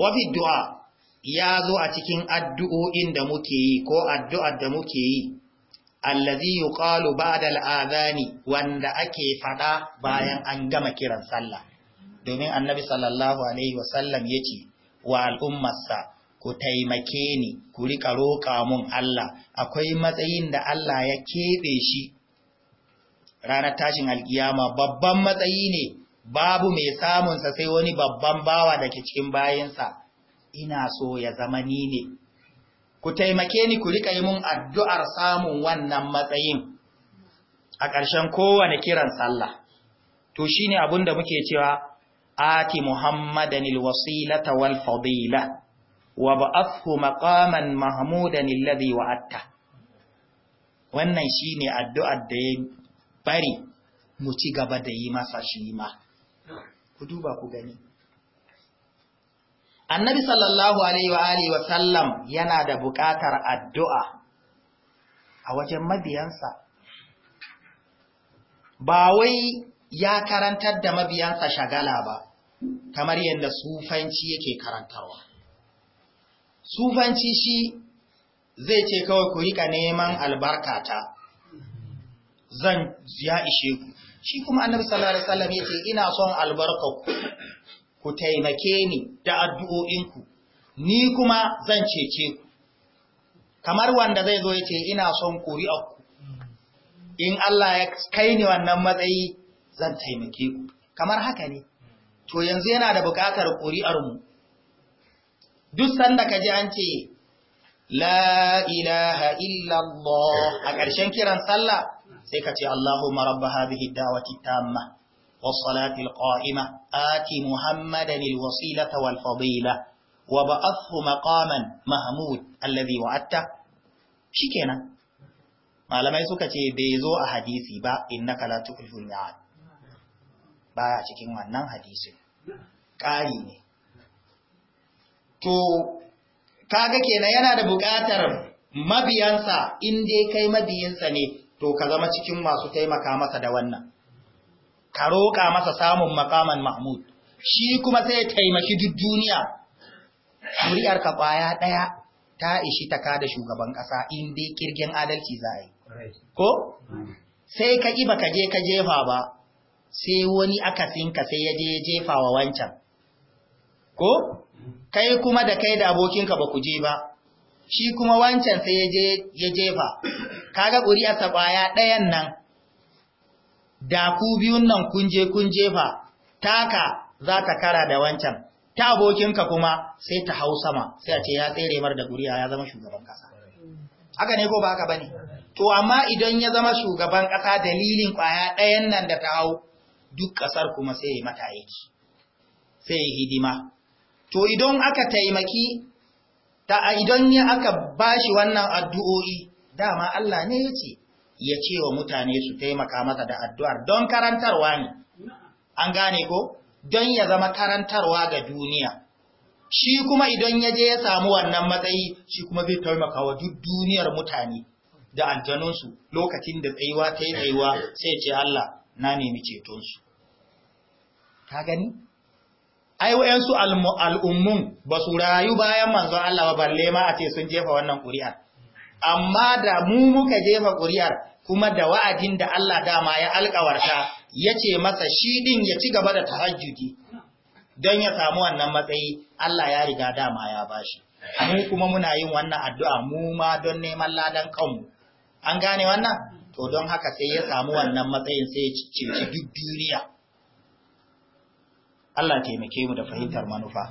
wafi du'a ya zo a cikin addu'o'in da muke yi ko addu'ar da muke yi, allazi yi ƙalu ba da al'adani wanda ake faɗa bayan an gama kiran sallah. Domin annabi sallallahu Alaihi wasallam ya ce wa al'ummarsa, ku taimake ni, ku riƙa roƙa mun Allah, akwai matsayin da Allah ya keɓe shi. Ranar tashin alkiyama babban matsayi ne, babu mai samunsa sai wani babban bawa da cikin bayansa. ina so ya zama ni ne ku taimake ni ku riƙa yi mun addu'ar samun wannan matsayin a ƙarshen kowane kiran sallah to shi ne abin da muke cewa ati muhammadan alwasilata wal fadila wa ba'athu maƙaman mahmudan alladhi wa'atta wannan shine addu'ar da ya bari mu ci gaba da yi masa shi ma ku duba ku gani annabi sallallahu alaihi wa sallam yana da buƙatar addu'a a wajen mabiyansa ba wai ya karantar da mabiyansa shagala ba kamar yadda sufanci yake karantarwa sufanci shi zai ce kawai ku rika neman albarkata zan ya ishe ku shi kuma annabi sallallahu alaihi wasallam yace ina son ku. ku taimake ni da addu'o'inku, ni kuma zan cece ku. Kamar wanda zai zo ya ce ina son ƙuri'arku, in Allah ya kai ni wannan matsayi zan taimake ku. Kamar haka ne, to yanzu yana da buƙatar ƙuri'armu. Duk sanda ka ji an ce, La ilaha illallah a ƙarshen kiran sallah sai ka ce Allahumma rabba hadhihi da'wati tamma والصلاة القائمة آت محمدا الوسيلة والفضيلة وبعثه مقاما محمود الذي وعدته شكينا malamai suka يسوك تي zo a با إنك لا la tuhlul با baya cikin حديث hadisin تو kaga kenan yana da buƙatar mabiyansa in dai kai mabiyansa ne to ka zama cikin masu taimaka masa da wannan ka roƙa masa samun makaman mahmud shi kuma sai ya taimaki duk duniya muriyar ka kwaya ɗaya ta ishi ta kada shugaban ƙasa in dai kirgin adalci za yi ko sai ka ƙi ka je ka jefa ba sai wani akasinka sai ya je jefa wa wancan ko kai kuma da kai da abokinka ba ku je ba shi kuma wancan sai ya jefa. Ka jefa kaga ƙuri'arsa ƙwaya ɗayan nan da ku biyun nan kunje kunje fa taka za ta kara da wancan ta abokinka kuma sai ta hau sama sai a ce ya tsere mar da guriya ya zama shugaban kasa haka ne ko ba haka bane to amma idan ya zama shugaban kasa dalilin kwaya ɗayan nan da ta hau duk kasar kuma sai ya mata aiki sai ya hidima to idan aka taimaki ta idan ya aka bashi wannan addu'o'i dama Allah ne ya ce. ya ce wa mutane su taimaka masa da addu'ar don karantarwa ne, an gane ko? Don ya zama karantarwa ga duniya. Shi kuma idan ya je ya samu wannan matsayi, shi kuma zai taimaka wa duk duniyar mutane da aljanunsu lokacin da tsayuwa ta yi tsayuwa sai ce Allah na nemi cetonsu. Ka gani? Ai, wa'yansu al'ummun ba su rayu bayan manzon Allah ba balle ma a ce sun jefa wannan ƙuri'ar. amma da mu muka jefa ƙuri'ar kuma da wa'adin da Allah dama ya alƙawarta ya ce masa shi ɗin ya ci gaba da tahajjudi don ya samu wannan matsayi Allah ya riga dama ya bashi. Mu kuma muna yin wannan addu'a mu ma don neman ladan kanmu. An gane wannan? To don haka sai ya samu wannan matsayin sai ya ceci duk duniya. Allah taimake mu da fahimtar manufa.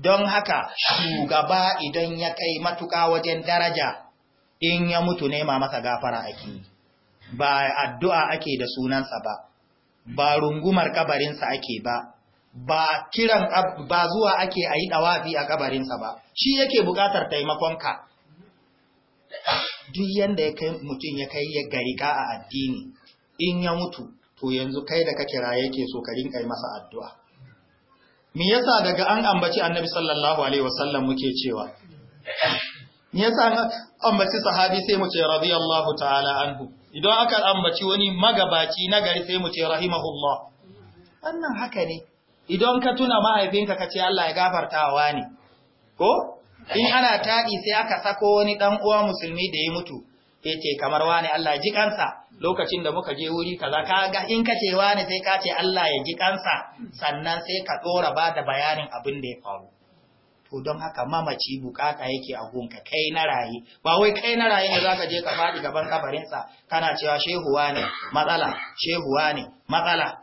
Don haka shugaba idan ya kai matuka wajen daraja in ya mutu nema masa gafara ake ba addu'a ake da sunansa ba ba rungumar kabarinsa ake ba ba kiran ba zuwa ake a yi ɗawafi a kabarinsa ba shi yake buƙatar ka. duk yadda ya kai mutum ya kai ya garika a addini in ya mutu to yanzu kai da ka kira yake so ka rinka masa addu'a me yasa daga an ambaci annabi sallallahu alaihi wasallam muke cewa Ni yasa an ambaci sahabi sai mu ce radiyallahu ta'ala anhu idan aka ambaci wani magabaci na gari sai mu ce rahimahullah wannan haka ne idan ka tuna mahaifinka ka ce Allah ya gafarta wa ne ko in ana taɗi sai aka sako wani ɗan uwa musulmi da ya mutu ya ce kamar wani Allah ya ji kansa lokacin da muka je wuri kaza ka ga in ka ce wani sai ka ce Allah ya ji kansa sannan sai ka ɗora ba da bayanin abin da ya faru to don haka mamaci bukata yake a gunka kai na raye ba wai kai na raye ne zaka je ka fadi gaban kabarinsa kana cewa shehuwa ne matsala shehuwa ne matsala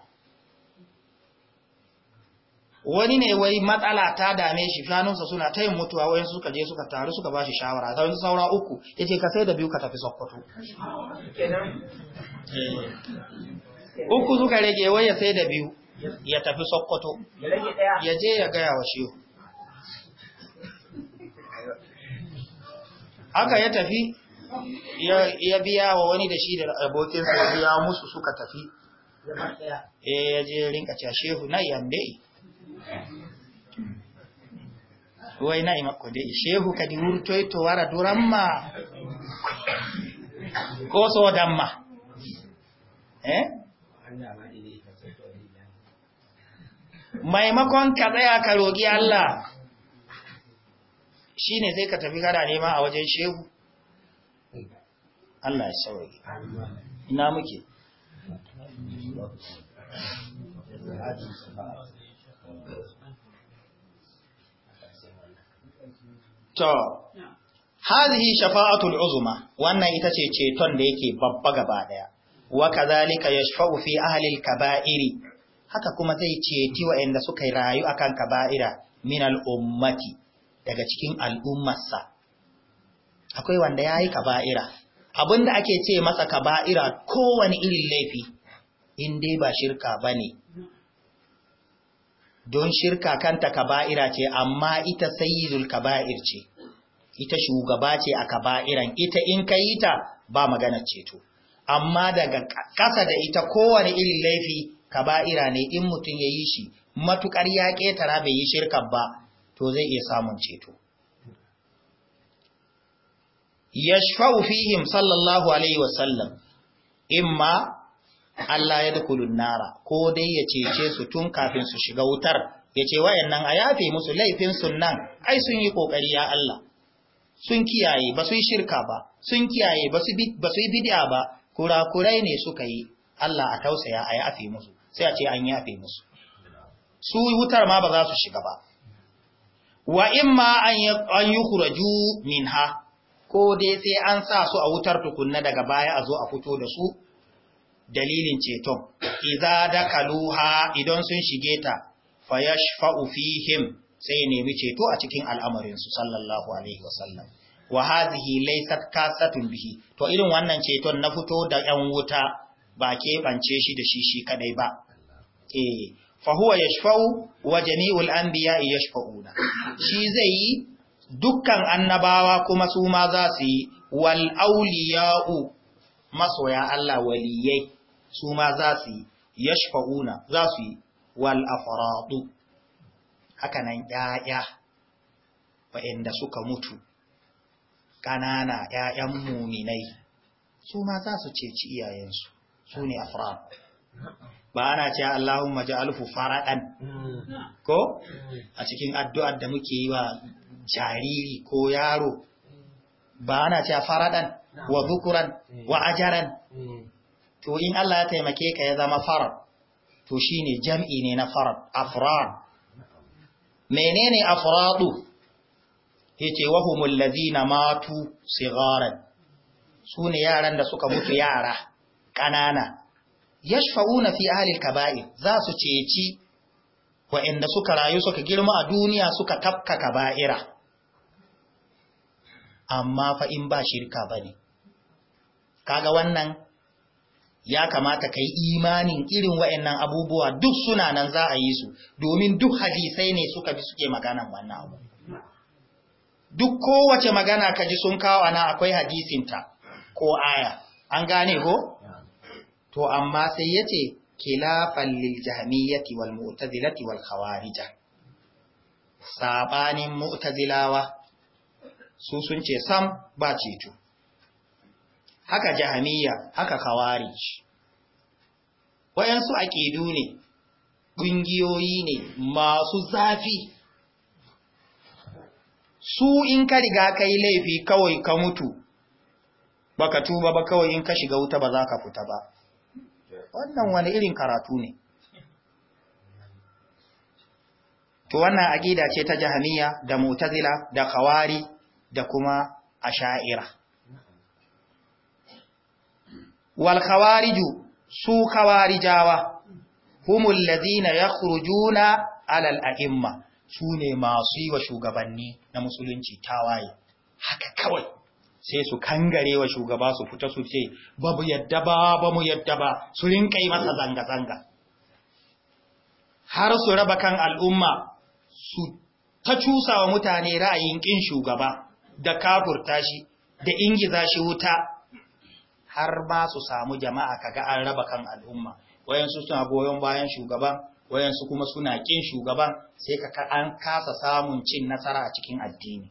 wani ne wai matsala ta dame shi shanunsa suna ta yin mutuwa su suka je suka taru suka bashi shawara. shawara ta saura uku ya ka sai da biyu ka tafi sokoto uku suka rage wai ya sai da biyu ya tafi sokoto ya je ya gaya wa shehu haka ya tafi ya biya wa wani da shi da abokinsa ya biya musu suka tafi eh ya je rinka shehu na yambe wai na imako dai shehu kadi wurto to wara duramma ko so damma eh maimakon ka tsaya ka roƙi Allah shine sai ka tafi kana nema a wajen shehu Allah ya saurari ina muke to hazihi shafa'atul uzma wannan ita ce ceton da yake babba gaba daya wa kadhalika yashfa'u fi ahli al-kaba'iri haka kuma zai ceci wa'anda suka rayu akan kaba'ira min al-ummati daga cikin al'ummarsa akwai wanda ya yi kaba'ira da ake ce masa kaba'ira kowane irin laifi in dai ba shirka ba ne don shirka kanta kaba'ira ce amma ita sayyidul kaba'ir ce ita shugaba ce a kaba'iran ita in ka yi ta ba magana ceto amma daga ƙasa da ita kowane irin laifi kaba'ira ne in mutum ya yi shi matukar ya ƙetara bai yi shirka ba to zai iya samun ceto yashfa'u fihim sallallahu alaihi wasallam imma Allah ya dukulun nara ko dai ya cece su tun kafin su shiga wutar ya ce wayannan a yafe musu laifin nan ai sun yi kokari ya Allah sun kiyaye ba su yi shirka ba sun kiyaye ba su yi bid'a ba kurakurai ne suka yi Allah a tausaya a yafe musu sai a ce an yafe musu su wutar ma ba za su shiga ba wa ma an yi kuraju minha ko dai sai an sa su a wutar tukunna daga baya a zo a fito da su dalilin ceton iza da kaluha idan sun shige ta fayashfa'u fihim sai nemi ceto a cikin al'amarinsu sallallahu alaihi wasallam wa hadhihi laysat kasatun bihi to irin wannan ceton na fito da 'yan wuta ba keɓance shi da shi shi kadai ba eh fahuwa ya shafau wa jami'ul an biya iya shafa'una shi zai yi dukkan annabawa kuma su ma za su yi wal'auliya'u masoya Allah waliyai su ma za su yi ya shafa'una za su yi wal'afaradu haka nan ‘ya'ya waɗanda suka mutu ƙanana ‘ya'yan muminai su ma za su ceci iyayensu su ne afaradu ba ana cewa Allahumma ja'alhu faradan ko a cikin addu'ar da muke yi wa jariri ko yaro ba ana cewa faradan wa bukuran wa to in Allah ya taimake ka ya zama farad to shine jam'i ne na farad afrad menene afradu yace wahumul ladina matu sigaran sune yaran da suka mutu yara kanana yashfa'una fi ahlil kaba'ir za su ceci wa'anda suka rayu suka girma a duniya suka tafka kaba'ira amma fa in ba shirka bane kaga wannan ya kamata kai imanin irin wa'annan abubuwa duk suna nan za a yi su domin duk hadisai ne suka bi suke maganan wannan abu duk kowace magana kaji sun kawo ana akwai hadisinta ko aya an gane ko to amma sai ya ce kilafan liljamiyyati wal mu'tazilati wal khawarija sabanin mu'tazilawa su sun ce sam ba ceto haka jahamiyya haka khawarij wayansu aqidu ne ƙungiyoyi ne masu zafi su in ka riga kai laifi kawai ka mutu baka tuba ba kawai in ka shiga wuta ba za ka fita ba wannan wani irin karatu ne to wannan aqida ce ta jahamiya da mu'tazila da khawari da kuma asha'ira wal khawariju su khawarijawa humul ladina yakhrujuna alal a'imma su masu yi wa shugabanni na musulunci tawaye haka kawai sai su kangare wa shugaba su fita su ce babu yadda ba ba mu yadda ba su rinka yi masa zanga-zanga har su raba kan al'umma su ta cusawa mutane ra'ayin ƙin shugaba da kafurta shi da ingiza shi wuta har ba su samu jama'a kaga an raba kan al'umma wayansu suna goyon bayan wayan wayansu kuma suna kin shugaba, sai ka an kasa samun cin nasara a cikin addini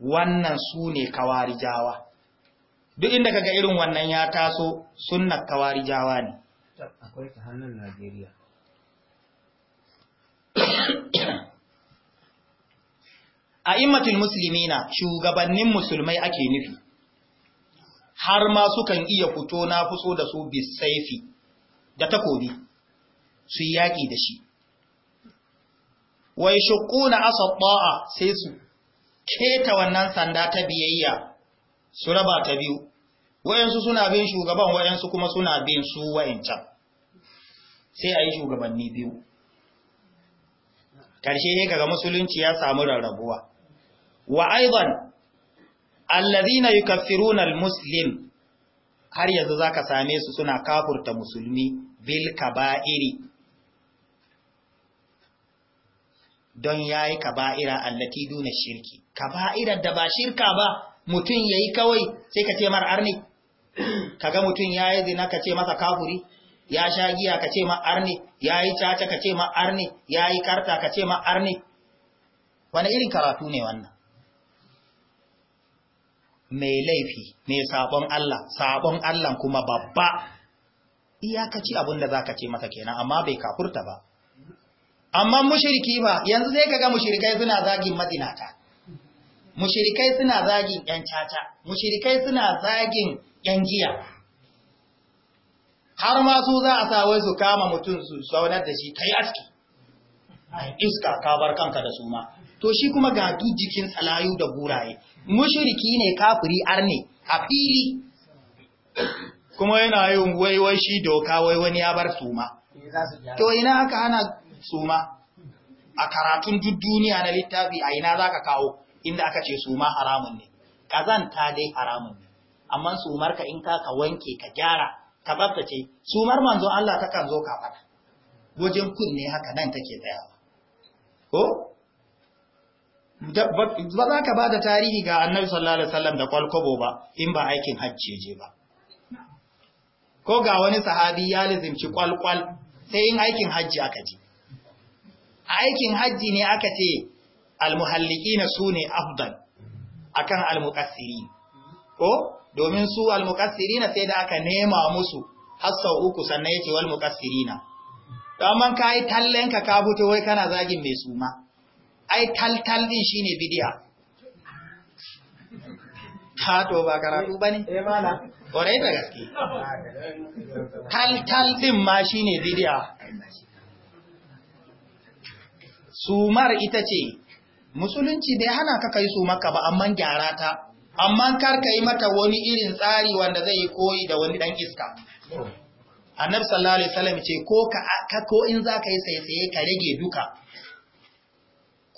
wannan su ne kawari jawa. duk inda kaga irin wannan ya taso sunnar jawa ne akwai ta hannun Najeriya a immatul musulmina shugabannin musulmai ake nufi har ma sukan iya fito na fuso da su bisaifi da takobi su yaƙi da shi wai shukuna asa ba'a sai su keta wannan sanda ta biyayya su raba ta biyu wayansu suna bin shugaban wayansu kuma suna bin su wayancan sai a yi shugabanni biyu ƙarshe ne kaga musulunci ya samu rarrabuwa wa aiban allazina yukaffiruna almuslim har yanzu zaka same su suna kafurta musulmi bil kaba'iri don yayi kaba'ira allati duna shirki kaba'irar da ba shirka ba mutum ya yi kawai sai ka ce mar arni kaga mutum ya zina ka ce masa kafuri ya sha giya ka ce mar arni ya yi caca ka ce mar arni ya yi karta ka ce mar arni wani irin karatu ne wannan mai laifi mai sabon Allah sabon Allah kuma babba iyakaci abin da za ka ce masa kenan amma bai kafurta ba amma mushiriki ba yanzu zai kaga mushirikai suna zagin matsinata mushirikai suna zagin ‘yan caca, mushirikai suna zagin ‘yan giya, har ma su za a sa wai su kama mutum su saunar da shi, kai aski, ai iska ka bar kanka da su ma, to shi kuma ga duk jikin salayu da guraye, mushiriki ne kafiri arne a fili, kuma yana yin waiwai shi doka wai wani ya bar su ma, to ina aka hana su ma, a karatun duk duniya na littafi a ina za ka kawo. inda aka ce suma haramun ne kazanta dai haramun ne amma sumarka marka in ka ka wanke ka gyara ka su sumar manzon Allah ta kan zo ka fada wajen ne haka nan take tsayawa ko ba za ka bada tarihi ga annabi sallallahu alaihi wasallam da kwalkwabo ba in ba aikin hajji je ba ko ga wani sahabi ya lizimci kwalkwal sai in aikin hajji aka ji a aikin hajji ne aka ce su sune afdal akan almukassiri ko domin su na sai da aka nema musu hassau uku sannan yake wal muqassirina to amma ka tallen ka ka fito wai kana zagin mai suma ai taltal din shine bidiya. ta to ba karatu ba ne, eh, malam kwarai da gaske taltal din ma shine bidiya. sumar ita ce musulunci bai hana ka kai su maka ba amma gyara ta amma kar ka yi mata wani irin tsari wanda zai yi koyi da wani dan iska annabi sallallahu alaihi wasallam ce ko ka ko in zaka yi saisaye ka rage duka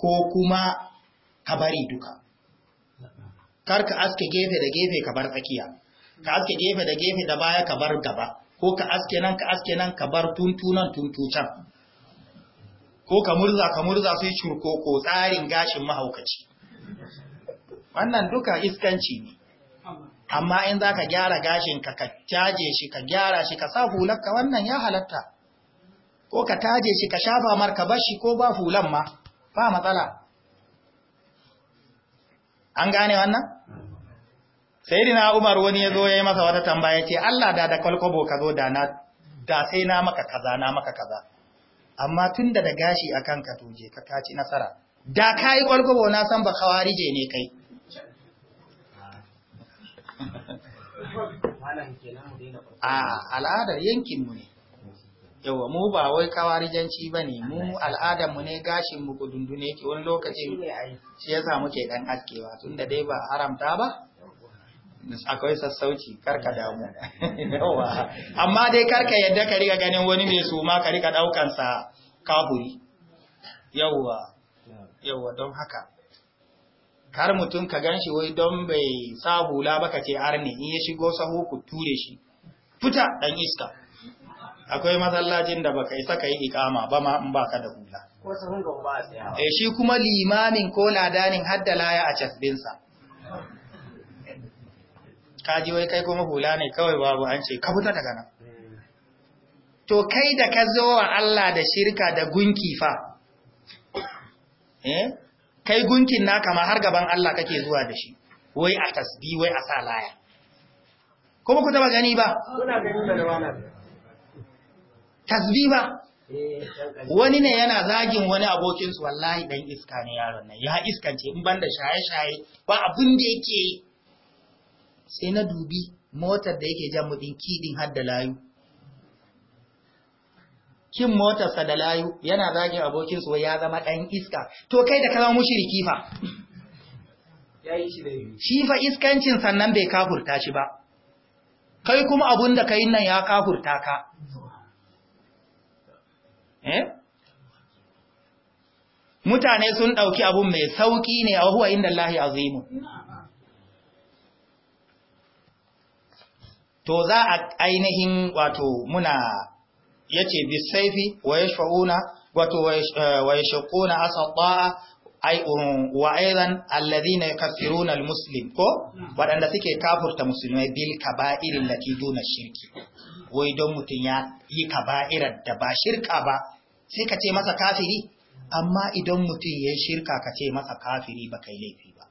ko kuma ka bari duka kar ka aske gefe da gefe ka bar tsakiya ka aske gefe da gefe da baya ka bar gaba ko ka aske nan ka aske nan ka bar tuntunan tuntucan ko ka murza ka murza sai curkoko tsarin gashin mahaukaci wannan duka iskanci ne amma in za ka gyara gashin ka ka taje shi ka gyara shi ka sa hularka wannan ya halatta ko ka taje shi ka shafa marka bashi ko ba hulan ma ba matsala an gane wannan sai dina umar wani ya zo ya yi masa wata tambaya ce allah da da kwalkwabo ka zo da na da sai na maka kaza na maka kaza amma tun da gashi a kan ka ka kaci nasara da ka yi kwalkwabo na san ba je ne kai a al'adar yankinmu ne yawa mu ba wai kawarijanci ba ne mu al'adarmu ne gashinmu gudundu ne ke wani lokaci shi ya samu ke ɗan askewa tun da dai ba haramta ba akwai sassauci karka damu yawa amma dai karka yadda ka rika ganin wani mai suma ka rika daukansa kaburi yawa yawa don haka kar mutum ka ganshi wai don bai sabula ba baka ce arni in ya shigo saho ku ture shi fita dan iska akwai masallacin da baka isa kai ikama ba ma in baka da hula ko sahun ga ba eh, shi kuma limamin ko ladanin haddala ya a casbinsa ka ji wai kai kuma hula ne kawai babu an ce ka fita daga nan to kai da ka zo wa Allah da shirka da gunki fa eh kai gunkin naka ma har gaban Allah kake zuwa da shi wai a tasbi wai a sa laya kuma ku taba gani ba kuna gani da wana tasbi ba eh, wani ne yana zagin wani abokinsu wallahi dan iska ne yaron nan ya iskance in banda shaye-shaye ba abin da yake sai na dubi motar da yake jan mudin kidin har da layu kin motarsa da layu yana zagin abokin so ya zama ɗan iska to kai da kama mushiriki fa shi fa iskancin sannan bai kafurta shi ba kai kuma abun da kai nan ya kafurta ka eh mutane sun ɗauki abun mai sauƙi ne a huwa inda Allah azimu to za a ainihin wato muna yace bisaifi wa yashfauna wato wa yashquna eh, ai um, wa aidan alladhina yukaffiruna almuslim ko waɗanda suke kafurta musulmai bil kaba'irin lati duna shirki wai don mutun ya yi kaba'irar da ba shirka ba sai ka ce masa kafiri amma idan mutum ya shirka ka ce masa kafiri ba kai laifi ba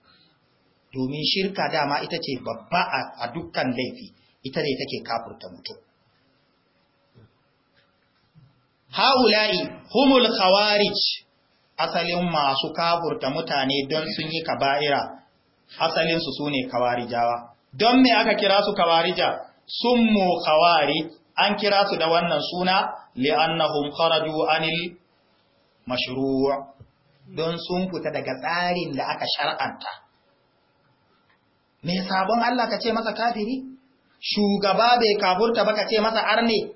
domin shirka dama ita ce babba a dukkan laifi ita ne take kafurta mutum haula'i humul khawarij asalin masu kafurta mutane don sun yi kaba'ira asalinsu su ne kawarijawa don me aka kira su kawarija sun mu kawari an kira su da wannan suna li'annahum kharaju anil mashru' don sun fita daga tsarin da aka shar'anta me sabon Allah ka ce masa kafiri shugaba bai kafurta ba ka ce masa arne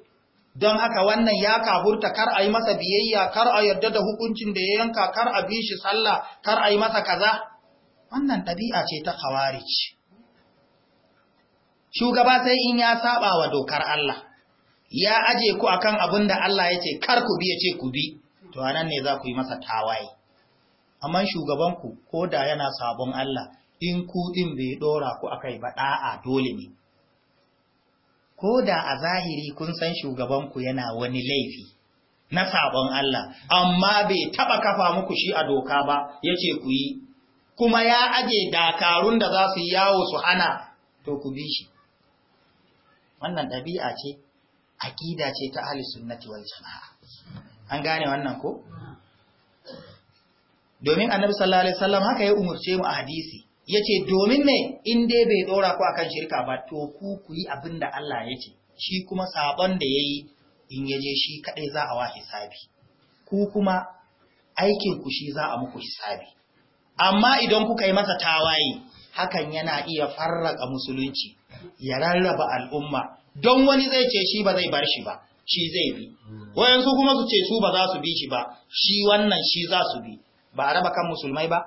don haka wannan ya kafurta kar a yi masa biyayya kar a yarda da hukuncin da ya yanka kar a bi shi sallah kar a yi masa kaza wannan ɗabi'a ce ta khawarij shugaba sai in ya saba wa dokar Allah ya aje ku akan abin da Allah ya ce kar ku bi ya ce ku bi to anan ne za ku yi masa tawaye amma shugabanku ko da yana sabon Allah in ku din bai dora ku akai ba da'a dole ne ko da a zahiri kun san shugabanku yana wani laifi na sabon Allah amma bai taba kafa muku shi a doka ba yace ku yi kuma ya aje dakarun da za su yawo su hana to ku bi shi wannan ɗabi'a ce aƙida ce ta ahli sunnati wal jama'a an gane wannan ko domin annabi sallallahu alaihi wasallam haka ya umarce mu a hadisi Yace domin ne in dai bai dora ku akan shirka ba to ku ku yi abin da Allah ya ce shi kuma sabon da ya yi in ya je shi kaɗai za a wa hisabi ku kuma aikin ku shi za a muku hisabi
amma idan
kuka yi masa tawaye hakan yana iya farraka musulunci ya rarraba al'umma don wani zai ce shi ba zai bar shi ba shi zai bi wayansu kuma su ce su ba za su bi shi ba shi wannan shi za su bi ba a raba kan musulmai ba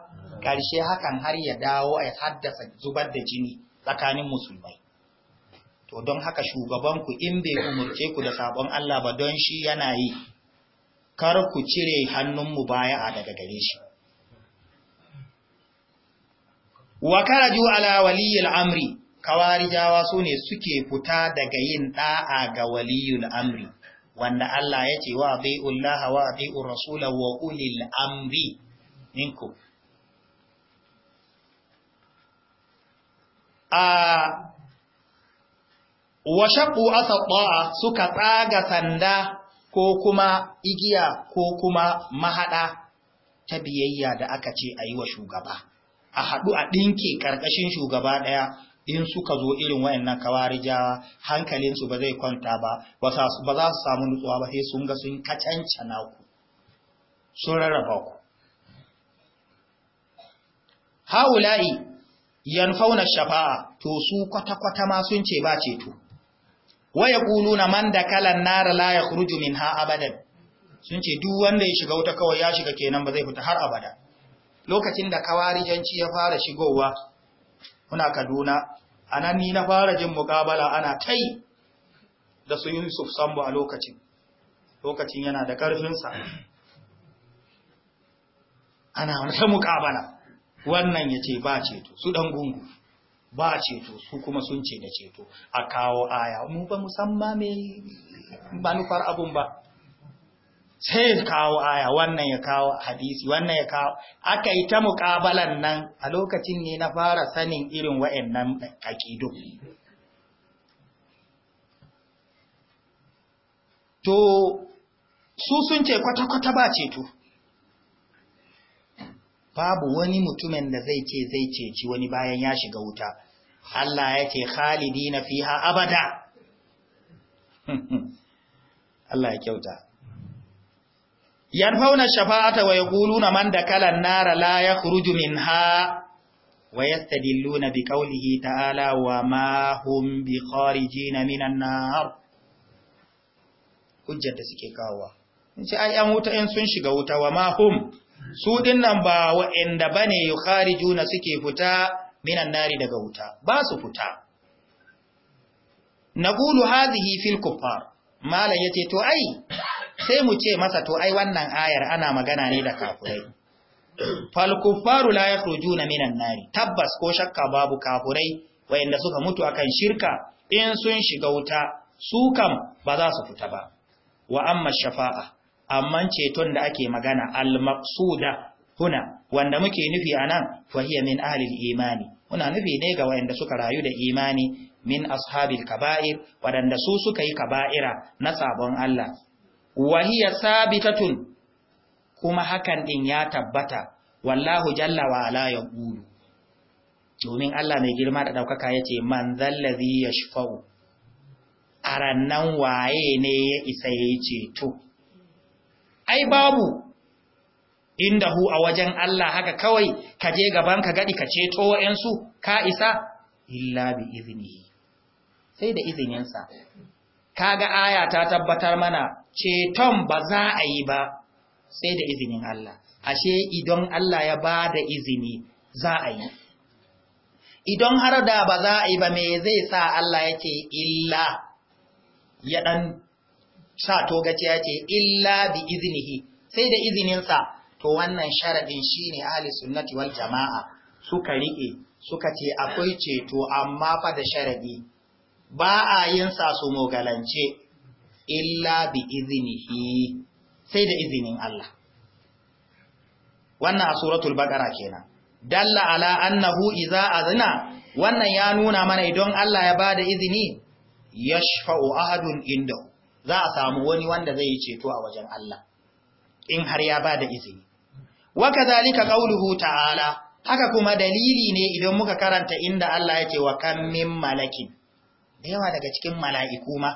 ƙarshe hakan har ya dawo a haddasa zubar da jini tsakanin musulmai to don haka shugabanku in bai umarce ku da sabon Allah ba don shi yana yi kar ku cire hannunmu baya a daga gare shi wa karaju ala Waliyyul amri su ne suke fita daga yin ɗa'a ga waliyul amri wanda Allah ya ce wa bi'ullah wa bi'ur rasul wa ulil amri ninku. a washaƙu suka tsaga sanda ko kuma igiya ko kuma mahaɗa ta biyayya da aka ce a yi wa shugaba a haɗu a ɗinke ƙarƙashin shugaba ɗaya in suka zo irin wayannan kawarijawa hankalinsu ba zai kwanta ba ba za su samu nutsuwa ba sai sun ga sun kacan ku sun rarraba ku haula'i yanfauna shafa'a to su kwata-kwata ma sun ce ba ceto waya na man da kalan nara la ya min ha abadan sun ce duk wanda ya shiga wuta kawai ya shiga kenan ba zai fita har abada lokacin da kawarijanci ya fara shigowa muna Kaduna anan ni na fara jin mukabala ana kai da su Yusuf Sambo a lokacin lokacin yana da karfin ana wani mukabala wannan ya ce ba ceto su ɗan gungu ba ceto su kuma sun ce da ceto a kawo aya mu ba musamman mai manufar abun ba sai kawo aya wannan ya kawo hadisi wannan ya kawo aka yi ta mukabalan nan a lokacin ne na fara sanin irin wa'annan kido to su sun ce kwata-kwata ba ceto babu wani mutumin da zai ce zai ceci wani bayan ya shiga wuta Allah ya ce khalidina fiha abada Allah ya kyauta yanfauna shafa'ata wa yaquluna man dakala an-nara la yakhruju minha wa yastadilluna bi qawlihi ta'ala wa ma hum bi kharijina minan nar hujjar da suke kawowa in ce ai wuta in sun shiga wuta wa ma hum su nan ba wa'anda bane juna suke fita minan nari daga wuta ba su fita gulu hadhihi fil kuffar ya yace to ai sai mu ce masa to ai wannan ayar ana magana ne da kafurai fal kuffaru la yakhrujuna minan nari tabbas ko shakka babu kafurai wayanda suka mutu akan shirka in sun shiga wuta su kam ba za su fita ba wa amma shafa'a amma ceton da ake magana al-maqsuda huna wanda muke nufi anan fa hiya min ahli al-imani muna nufi ne ga wanda suka rayu da imani min ashabil kaba'ir wadanda su suka yi kaba'ira na sabon Allah wa hiya sabitatun kuma hakan din ya tabbata wallahu jalla wa ala yaqulu domin Allah mai girma da daukaka yace man zallazi yashfa'u arannan waye ne ya isa yace ceto ai babu indahu a wajen Allah haka kawai ka je gaban ka gadi ka ceto wayansu ka isa illa bi iznihi sai da izininsa kaga aya ta tabbatar mana ceton ba za a yi ba sai da izinin Allah ashe idan Allah ya ba da izini za a yi idan har da ba za a yi ba me zai sa Allah yake illa ya dan sa togaci ya ce illa bi iznihi sai da izininsa to wannan sharaɗin shine ahli sunnati wal jama'a suka riƙe suka ce akwai ceto amma fa da sharaɗi ba a yin sa su mogalance illa bi iznihi sai da izinin Allah wannan a suratul baqara kenan dalla ala annahu iza azna wannan ya nuna mana idan Allah ya bada izini yashfa'u ahadun indahu za a samu wani wanda zai yi ceto a wajen Allah in har ya ba da izini wa zalika qawluhu ta'ala haka kuma dalili ne idan muka karanta inda Allah yake wa kam min malakin da yawa daga cikin mala'iku ma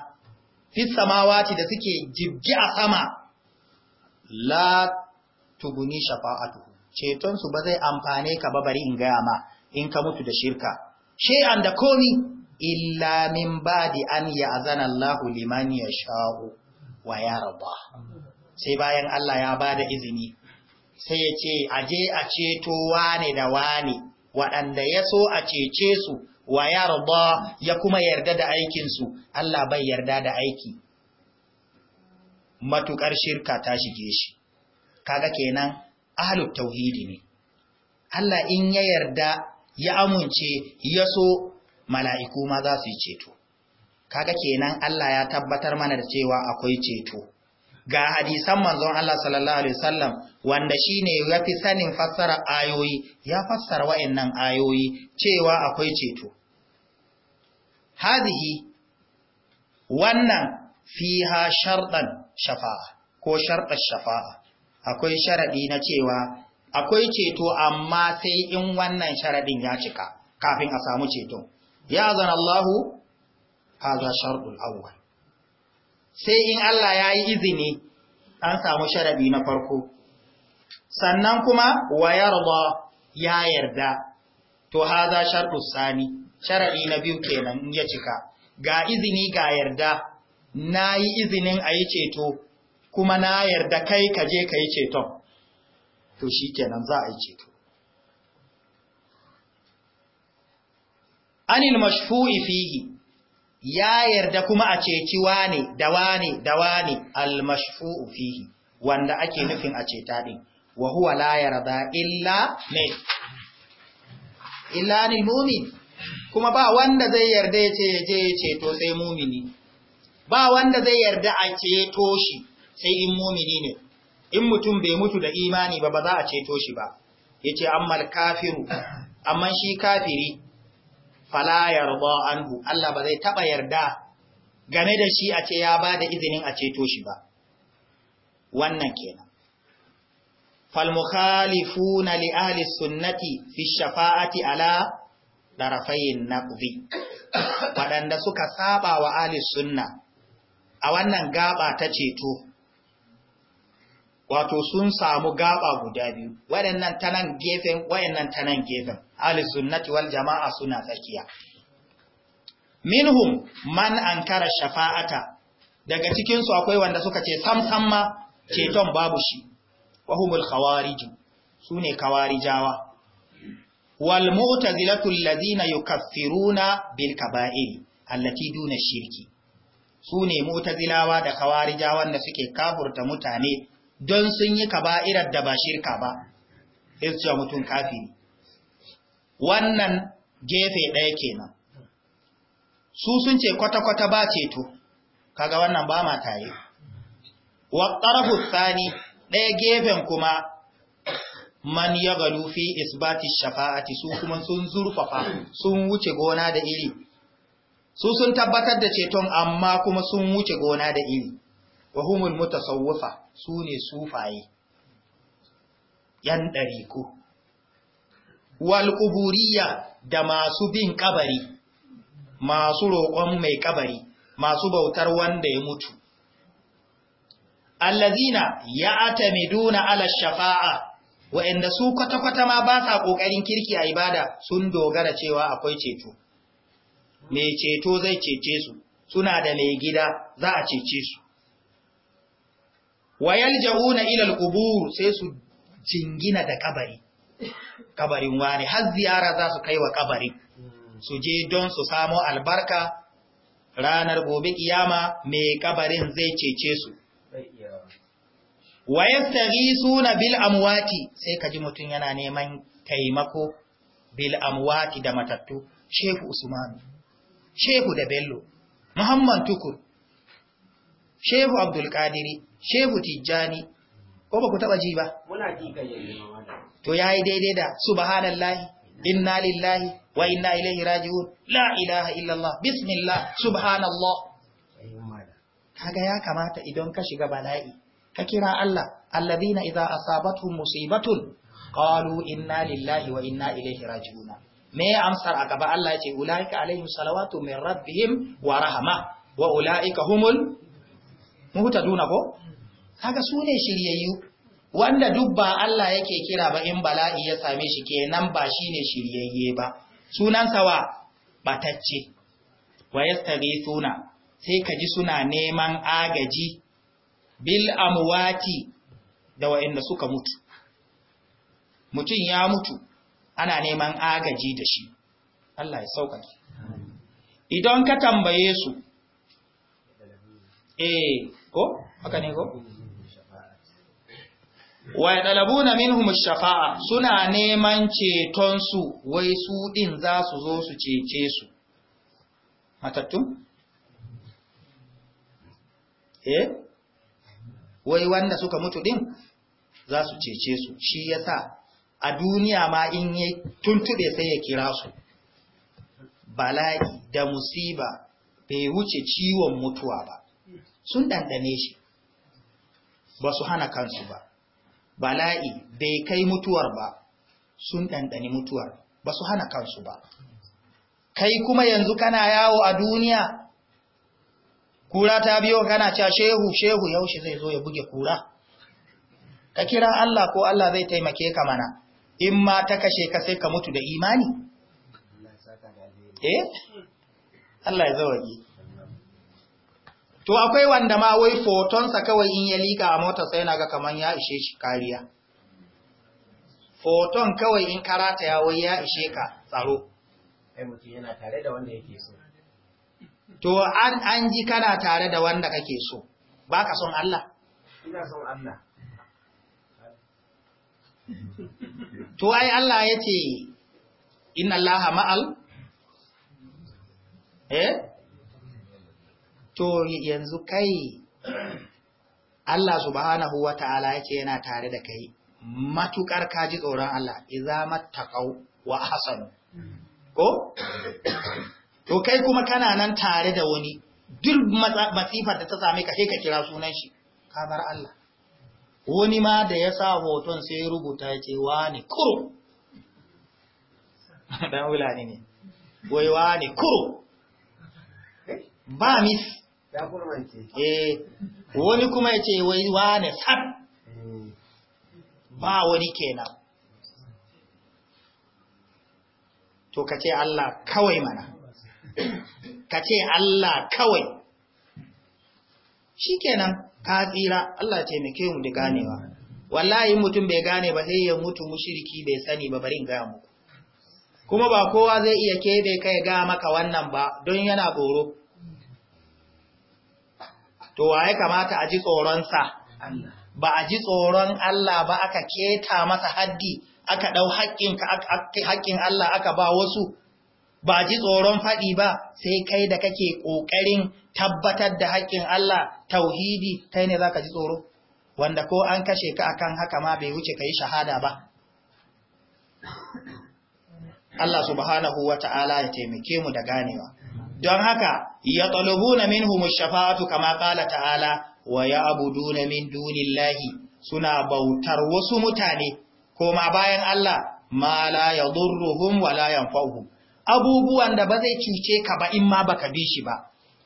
fi samawati da suke jibgi a sama la tuguni shafa’atu, ceton su ba zai amfane ka ba bari in gaya ma in ka mutu da shirka shay'an da komi illa min ba'di an ya'zana Allahu liman yasha'u wa yarda sai bayan Allah ya bada izini sai ya ce aje a ceto wane da wane waɗanda ya so a cece su wa yarda ya kuma yarda da aikin su Allah bai yarda da aiki Matuƙar shirka ta shige shi kaga kenan ahlut tauhidi ne Allah in ya yarda ya amince ya so mala'iku ma za su yi ceto kaga kenan Allah ya tabbatar mana da cewa akwai ceto ga hadisan manzon Allah sallallahu alaihi wasallam wanda shine fi sanin fassara ayoyi ya fassara wayannan ayoyi cewa akwai ceto Hadihi, wannan fiha sharɗan shafa'a ko sharɗar shafa'a akwai sharaɗi na cewa akwai ceto amma sai in wannan sharaɗin ya cika kafin a samu ceton ya azan Allahu haza sharɗul awwal sai in Allah ya yi izini an samu sharaɗi na farko sannan kuma wa yarda ya yarda to haza sharɗun sani sharaɗi na biyu kenan ya cika ga izini ga yarda na yi izinin a ceto kuma na yarda kai kaje je ka yi ceton to shi kenan za a yi ceto anil mashfu'i fihi ya yarda kuma a ceci wane da wane da wane al mashfu'u fihi wanda ake nufin a ceta din wa huwa la yarda illa ne illa anil mu'min kuma ba wanda zai yarda ya ce ya je ya ceto sai mumini ba wanda zai yarda a ceto shi sai in mumini ne in mutum bai mutu da imani ba ba za a ceto shi ba yace ammal kafiru amma shi kafiri fala yarda anhu Allah ba zai taɓa yarda game da shi a ce ya bada izinin a ceto shi ba wannan kenan fal mukhalifuna li ahli sunnati fi shafa'ati ala darafayin naqdi wadanda suka saɓa wa ahli sunna a wannan gaba ta ceto wato sun samu gaba guda biyu waɗannan ta nan gefen waɗannan ta nan gefen ahli sunnati wal jama'a suna tsakiya minhum man ankara shafa'ata daga cikin su akwai wanda suka ce sam sam ma ceton babu shi humul khawarij sune kawarijawa wal mu'tazilatu alladhina yukaffiruna bil kaba'ir allati duna shirki sune mu'tazilawa da khawarijawa wanda suke kafurta mutane don sun yi kaba'irar da ba shirka ba sai mutum wannan gefe ɗaya kenan su sun ce kwata-kwata ba ceto kaga wannan ba ma tare wa tsani ɗaya gefen kuma man ya galu fi isbati shafa'ati su kuma sun zurfafa sun wuce gona da iri su sun tabbatar da ceton amma kuma sun wuce gona da iri wa humul mutasawwifa su ne sufaye ‘yan ɗariku walƙuburiya da masu bin ƙabari masu roƙon mai ƙabari masu bautar wanda ya mutu allazina ya atamiduna ala shafa'a wa'inda su kwata-kwata ma ba sa ƙoƙarin kirki a ibada sun dogara cewa akwai ceto. Mai ceto zai cece su, suna da mai gida za a cece su. wa yalja'una ila sai su jingina da kabari kabarin wani har ziyara za su kai wa kabari su je don su samo albarka ranar gobe kiyama mai kabarin zai cece su wa suna bil amwati sai kaji mutun yana neman taimako bil amwati da matattu shehu usman shehu da bello muhammad tukur shehu abdul shehu tijjani ko ba ku taba ji ba To ya to yayi daidai da subhanallahi inna lillahi wa inna ilaihi raji'un la ilaha illallah bismillah subhanallah kaga ya kamata idan ka shiga bala'i ka kira Allah alladhina idza asabatuhum musibatun qalu inna lillahi wa inna ilaihi raji'un me amsar a gaba Allah ya ce ulaika alaihim salawatu min rabbihim wa rahma wa ulaika humul muhuta duna ko kaga su ne shiryayyu wanda dubba ba Allah yake kira ba in bala'i ya same shi kenan ba shine shiryayye ba sunansa wa batacce wa suna? sai ka ji suna neman agaji bil amwati da wa'anda suka mutu Mutum ya mutu ana neman agaji da shi Allah ya saukake idan ka tambaye su eh ko haka ne ko wa yadalabuna minhum ash-shafa'a suna neman ceton su wai su din za su zo su cece su matattu eh wai wanda suka mutu din za su cece su shi yasa a duniya ma in ya tuntube sai ya kira su bala'i da musiba bai wuce ciwon mutuwa ba sun ɗanɗane shi ba su hana kansu ba bala'i bai kai mutuwar ba sun ɗanɗani mutuwar ba su hana kansu ba kai kuma yanzu kana yawo a duniya kura ta biyo kana cewa shehu shehu yaushe zai zo ya buge kura ka kira Allah ko Allah zai taimake ka mana in ma ta kashe ka sai ka mutu da imani eh Allah ya zawaje to akwai wanda ma wai fotonsa kawai in ya liƙa a motarsa yana ga kamar ya ishe shi kariya foton kawai in karata ya wai ya ishe ka tsaro Ai mutum yana tare da wanda yake so to an an ji kana tare da wanda kake so baka son Allah ina son Allah to ai Allah yace inna Allah ma'al eh to yanzu kai Allah subhanahu wa ta'ala yake yana tare da kai matukar ji tsoron Allah iza mattaqau wa ahsanu ko to kai kuma kana nan tare da wani duk masifar da ta sami ka sai ka kira sunan shi ka bar Allah wani ma da ya sa hoton sai rubuta ce wani kuro dan wulani ne wai wani kuro ba mis Eh, wani kuma ya ce wai wane sab ba wani kenan. To ka ce Allah kawai mana, ka ce Allah kawai. Shi kenan ka tsira Allah ce mai mu da ganewa. Wallahi mutum bai gane ba sai ya mutu mushiriki bai sani ba barin gaya muku. Kuma ba kowa zai iya kebe kai ga maka wannan ba don yana boro. to waye kamata a ji tsoronsa ba a ji tsoron Allah ba aka keta masa haddi aka ɗau haƙƙin Allah aka ba wasu ba ji tsoron faɗi ba sai kai da kake ƙoƙarin tabbatar da haƙƙin Allah tauhidi kai ne za ji tsoro wanda ko an kashe ka akan haka ma bai wuce ka yi shahada ba Allah subhanahu wa ta'ala ya taimake mu da ganewa don haka ya talubuna minhum shafa'atu kama qala ta'ala wa ya na min dunillahi suna bautar wasu mutane koma bayan Allah ma la ya zurruhun wa la yanfa'uhum abubuwan da ba zai cuce ka ba in ma baka bi shi ba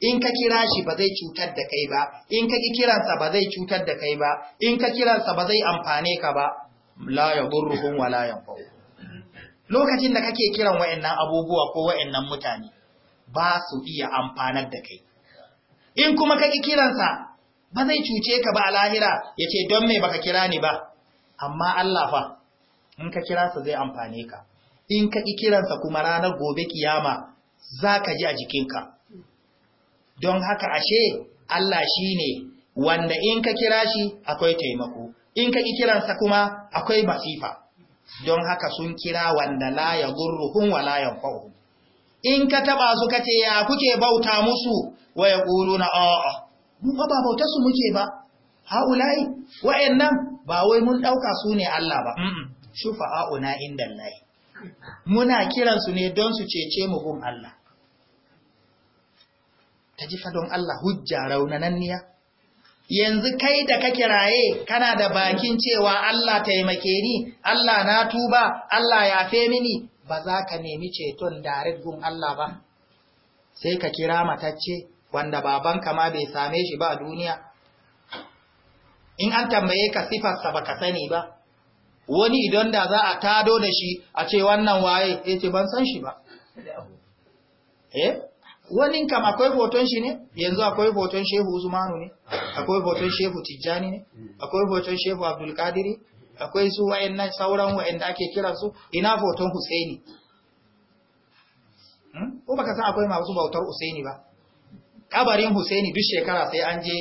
in ka kira shi ba zai cutar da kai ba in ka kiransa ba zai cutar da kai ba in ka kiransa ba zai amfane ka ba la ya yadurruhum wa la yanfa'uhum lokacin da kake kiran wa'in nan abubuwa ko wa'in nan mutane ba su iya amfanar da kai in kuma ka ƙi kiransa ba zai cuce ka ba a lahira ya ce don mai baka kira ni ba amma Allah fa in ka kira sa zai amfane ka in ka ƙi kiransa kuma ranar gobe kiyama za ka ji a jikinka don haka ashe Allah shi ne wanda in ka kira shi akwai taimako in ka ƙi kiransa kuma akwai masifa don haka sun kira wanda la ya gurruhun wa la ya fa'uhun in ka taba su ka ce ya kuke bauta musu wa na? a'a mun ba bauta su muke ba haulai nan. ba wai mun ɗauka su ne Allah ba Shufa inda lai. muna kiransu ne don su cece mu gun Allah ta ji don Allah hujja raunananniya yanzu kai da ka kiraye kana da bakin cewa Allah taimake ni Allah na tuba Allah yafe mini ba za ka nemi ceton direct gun Allah ba sai ka kira matacce wanda babanka ma bai same shi ba a duniya in an tambaye ka sifarsa ba ka sani ba wani idan da za a tado da shi a ce wannan waye ya ce ban san shi ba eh wani kam akwai hoton shi ne yanzu akwai hoton shehu usmanu ne akwai hoton shehu tijjani ne akwai hoton shehu abdulkadiri akwai su wa'annan sauran wa'anda ake kiransu. su ina foton Husaini hmm? ko baka san akwai masu bautar Husaini ba kabarin Husaini duk shekara sai an je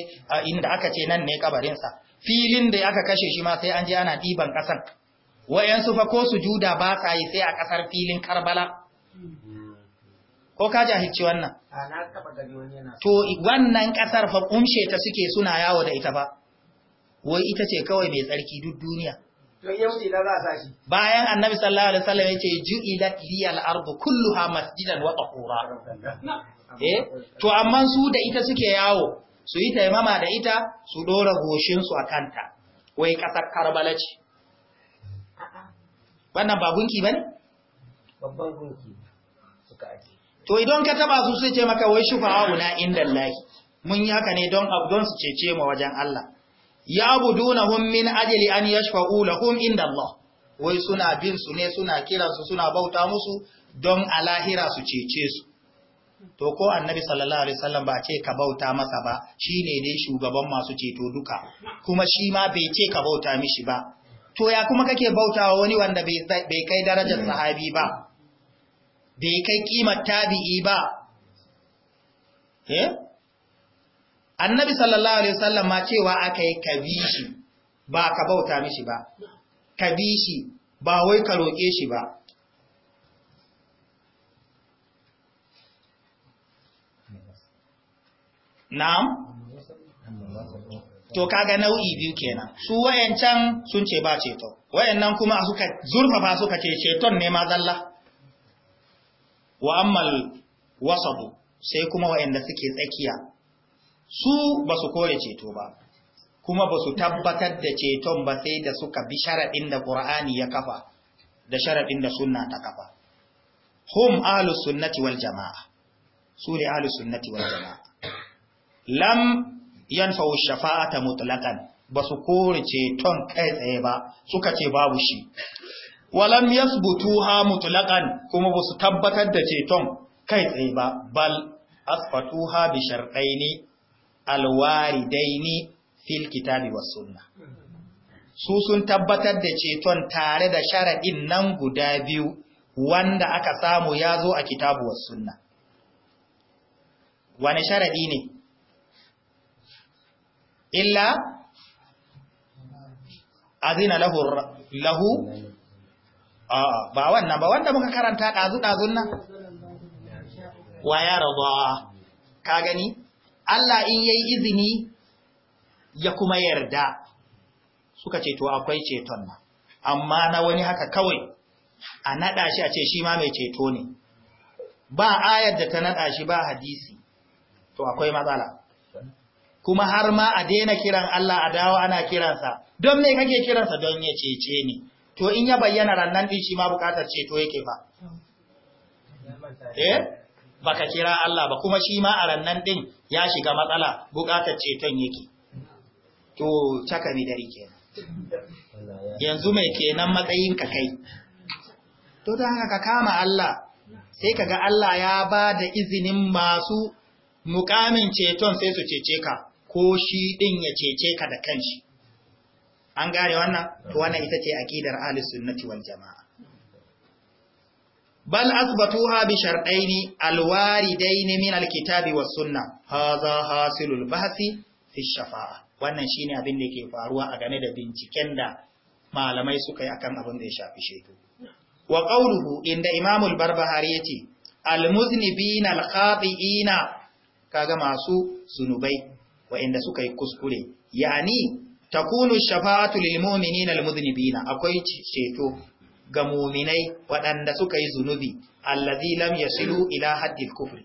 inda aka ce nan ne kabarin sa filin da aka kashe shi ma sai an je ana diban kasan wayansu fa ko sujuda ba sa sai a kasar filin Karbala ko ka hicci wannan to wannan kasar fa kumshe ta suke suna yawo da ita ba wai ita ce kawai mai tsarki duk duniya bayan annabi sallallahu alaihi wasallam yace ju'ilat liyal ardu ha masjidan waɗa tahura eh to amma su da ita suke yawo su yi taimama da ita su ɗora goshinsu a kanta. wai ƙasar karbala ce wannan ba gunki bane babban gunki suka ake to idan ka taba su sai ce maka wai shufa'u na indallahi mun yi haka ne don abdon su cece mu wajen Allah ya abudunahum min ajali an yashfa'u lahum inda Allah wai suna bin su ne suna kiransu suna bauta musu don alahira su cece su to ko annabi sallallahu alaihi wasallam ba ce ka bauta masa ba shine dai shugaban masu ceto duka kuma shi ma bai ce ka bauta mishi ba to ya kuma kake bautawa wani wanda bai kai darajar sahabi ba bai kai kimar tabi'i ba eh annabi sallallahu alaihi wasallam ma cewa aka yi kabishi ba ka bauta mishi ba kabishi ba wai ka roƙe shi ba na'am to kaga nau'i biyu kenan su wayancan sun ce ba ceto wayannan kuma suka zurfafa suka ce ceton ne ma zalla wa ammal sai kuma wayanda suke tsakiya su ba su kore ceto ba kuma ba su tabbatar da ceton ba sai da suka bi sharaɗin da ƙur'ani ya kafa da sharaɗin da sunna ta kafa hum ahlus sunnati wal jama'a su ne ahlus sunnati wal jama'a lam yanfa'u shafa'ata mutlaqan ba su kore ceton kai tsaye ba suka ce babu shi walam ha mutlaqan kuma ba su tabbatar da ceton kai tsaye ba bal asfatuha bi ne. Alwari daini fil kitabi wa sunna su sun tabbatar da ceton tare da sharadin nan guda biyu wanda aka samu ya zo a kitabu wa sunna wani sharadi ne illa azina lahu lahu a ba wannan ba wanda muka karanta dazu dazun nan wa ya raba ka gani Allah in yayi izini ya kuma yarda suka ce to akwai ceton nan amma na wani haka kawai a nada shi a ce shi ma mai ceto ne ba ayar da ta nada shi ba hadisi to akwai matsala kuma har ma a daina kiran Allah a dawo ana kiransa don me kake kiransa don ya cece ni to in ya bayyana rannan din shi ma bukatar ceto yake ba eh baka kira Allah ba kuma shi ma a rannan din ya shiga matsala buƙatar ceton yake to caka mi dari kenan yanzu mai kenan matsayin ka kai to ta haka ka kama Allah sai kaga Allah ya ba da izinin masu mukamin ceton sai su cece ka ko shi din ya cece ka da kanshi an gane wannan to wannan ita ce aqidar ahlus sunnati wal jamaa bal asbatuha bi shartaini alwaridaini min alkitabi was sunna hadha hasilul bahsi fi shafa'a wannan shine abin da yake faruwa a game da binciken da malamai suka yi akan abin da ya shafi shaidu wa qawluhu inda imamul barbahari yace al alkhati'ina kaga masu zunubai wa'inda suka yi kuskure yani takunu shafa'atu lil mu'minina almuznibina akwai ceto ga muminai waɗanda suka yi zunubi allazi lam yasilu ila haddil kufri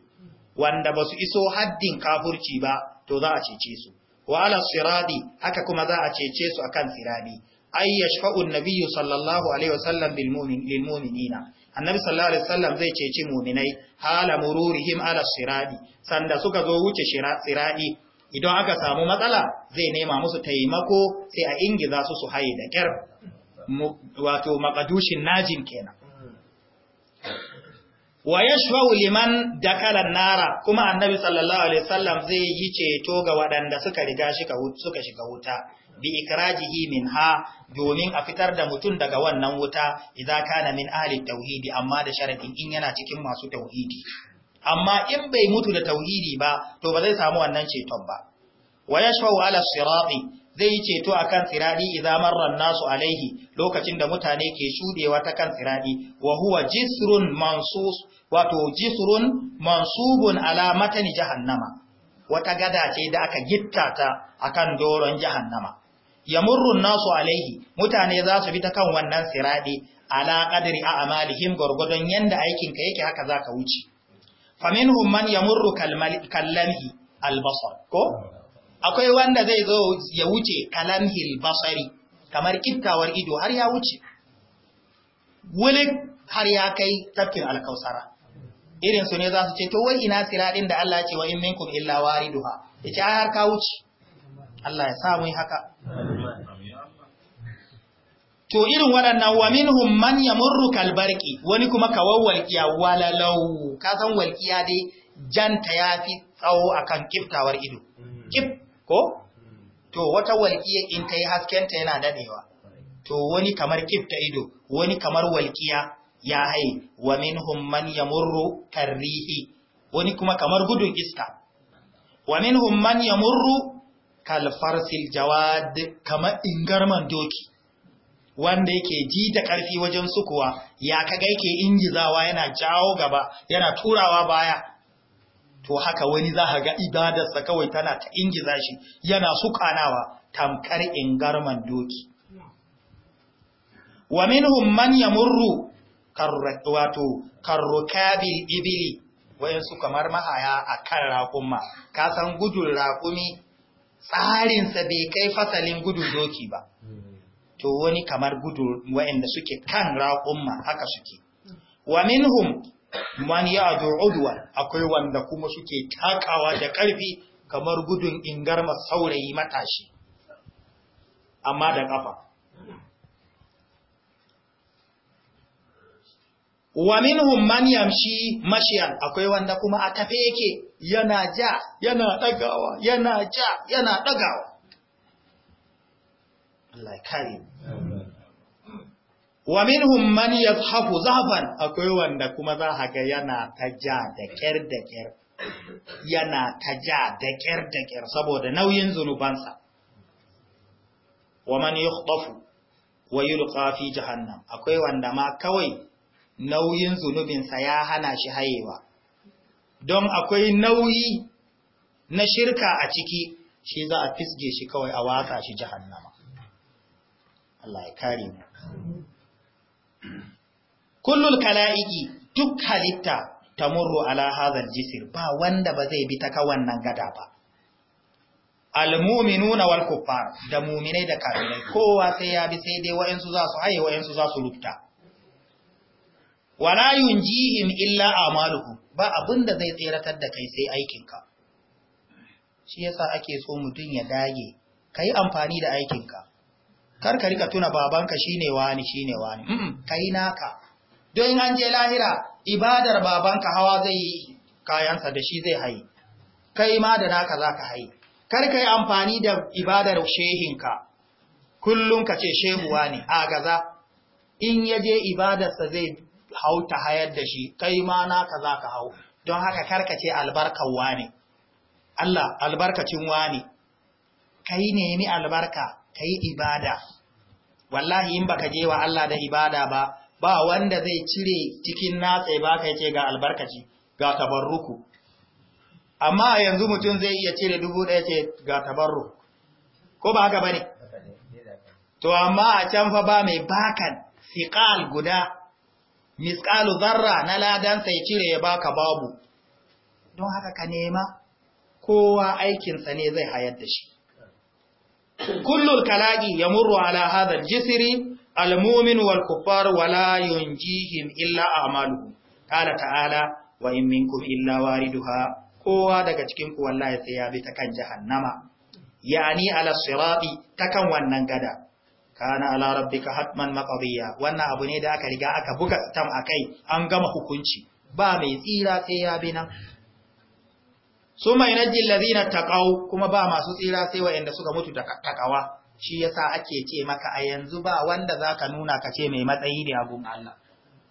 wanda basu iso haddin kafurci ba to za a cece su wa ala siradi haka kuma za a cece su akan siradi ay yashfa'u an sallallahu alaihi wasallam lil mu'minina annabi sallallahu alaihi wasallam zai ceci mu'minai hala mururihim ala siradi sanda suka zo wuce siradi idan aka samu matsala zai nema musu taimako sai a ingiza su su haye da kyar wato makadushin najin kenan wa yashfa'u liman dakala nara kuma annabi sallallahu alaihi wasallam zai yi ceto ga waɗanda suka riga suka shiga wuta bi ikrajihi ha, domin a fitar da mutum daga wannan wuta idza kana min ahli tauhidi amma da sharadin in yana cikin masu tauhidi amma in bai mutu da tauhidi ba to ba zai samu wannan ceton ba wa yashfa'u ala sirati zai yi ceto akan sirati idza marra nasu alaihi lokacin da mutane ke shudewa ta kan siradi wa huwa jisrun mansus wato jisrun mansubun ala matani jahannama wata gada ce da aka gitta ta akan doron jahannama yamurru nasu alaihi mutane za su bi ta kan wannan siradi ala qadri a'malihim gurgudun yanda aikin ka yake haka zaka wuce faminhum man yamurru kallamhi albasar ko akwai wanda zai zo ya wuce kalamhil basari kamar kiftawar ido har ya wuce wule har ya kai tafkin alkausara irin su ne za su ce to wai ina siraɗin da Allah ce wa in minkum illa wariduha yace ai har ka wuce Allah ya sa mu haka to irin waɗannan wa minhum man yamurru kalbarki wani kuma kawawwalkiya walalau ka san walkiya dai janta yafi tsawo akan kiftawar ido kif ko to wata walƙiya in ta yi haskenta yana dadewa to wani kamar kifta ido wani kamar walƙiya ya haye wa minhum man yamurru karrihi wani kuma kamar gudun iska wa minhum man yamurru kalfarsil jawad kamar ingarman doki wanda yake ji da ƙarfi wajen sukuwa ya kaga yake injizawa yana jawo gaba yana turawa baya to haka wani za ka ga ibadarsa kawai tana ta ingiza shi yana kanawa tamkar ingarman doki wa minhum man yamurru wato karrukabil ibili wayansu kamar mahaya a kan raƙuma ka san gudun raƙumi tsarinsa bai kai fasalin gudun doki ba to wani kamar gudun wayanda suke kan rakuma haka suke wa minhum man ya udwan akwai wanda kuma suke takawa da ƙarfi kamar gudun ingarma saurayi matashi amma da ƙafa wa minhum man yamshi mashiyan akwai wanda kuma a tafe yake yana ja yana dagawa yana ja yana dagawa Allah ya kare mu wa minhum man yazhafu zahfan akwai wanda kuma za a ga yana ta ja da kyar da kyar yana ta ja da kyar da kyar saboda nauyin zunubansa wa man yukhtafu wa yulqa fi jahannam akwai wanda ma kawai nauyin zunubinsa ya hana shi hayewa don akwai nauyi na shirka a ciki shi za a fisge shi kawai a watsa shi jahannama Allah ya kare mu kullul kala'iki duk halitta ta murro ala hazal jisir ba wanda ba zai bi ta ka wannan gada ba almu'minuna wal kuffar da mu'minai da kafirai kowa sai ya bi sai dai wayansu za su haye wayansu za su rufta wala yunjihim illa amaluhu ba abinda zai tseratar da kai sai aikinka shi yasa ake so mutum ya dage kai amfani da aikinka kar ka rika tuna babanka shine wani shine wani mm -mm, kai naka don an je lahira ibadar babanka hawa zai yi kayansa da shi zai hayi kai ma da naka zaka hayi kar kai amfani da ibadar shehinka kullum ka ce shehu wani a gaza in yaje ibadarsa zai hau ta hayar da shi kai ma naka zaka hau don haka ce albarka wani Allah albarkacin wani kai nemi albarka ka yi ibada wallahi in baka je wa Allah da ibada ba ba wanda zai cire cikin natse ba ka ce ga albarkaci ga tabarruku amma yanzu mutum zai iya cire dubu ɗaya ce ga tabarru ko ba haka bane to amma a can fa ba mai bakan siqal guda misqalu zarra na ladan sai cire ya baka babu don haka ka nema kowa aikinsa ne zai hayar da shi kullul kalagi ya murru ala hadar jisiri almumin wal kuffar wala yunjihim illa a'maluhum qala ta'ala wa in minkum illa kowa daga cikin ku wallahi sai ya bi ta kan jahannama yani ala sirati ta kan wannan gada kana ala rabbika hatman maqdiya wannan abu ne da aka riga aka buga tam akai an gama hukunci ba mai tsira sai ya bi nan suma yunajjil ladina taqaw kuma ba masu tsira sai wayanda suka mutu da takawa shi yasa ake ce maka a yanzu ba wanda zaka nuna ka ce mai matsayi ne abun Allah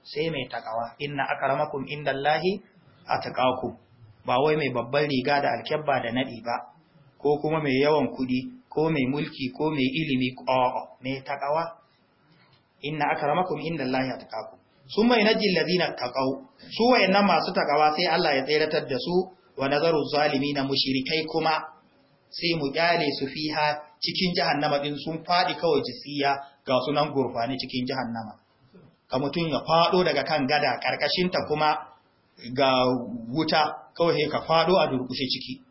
sai mai takawa inna akramakum indallahi atqakum ba wai mai babban riga da alkyabba da nadi ba ko kuma mai yawan kudi ko mai mulki ko mai ilimi ko mai takawa inna akramakum indallahi atqakum summa yunajjil ladina taqau su wayannan masu takawa sai Allah ya tsiratar da su wa nazaru na mushrikai kuma sai mu kyale su fiha cikin jahannama din sun fadi kawai jisiya ga sunan gurfani cikin jahannama ka mutun ya fado daga kan gada karkashin ta kuma ga wuta kawai ka fado a durkushe ciki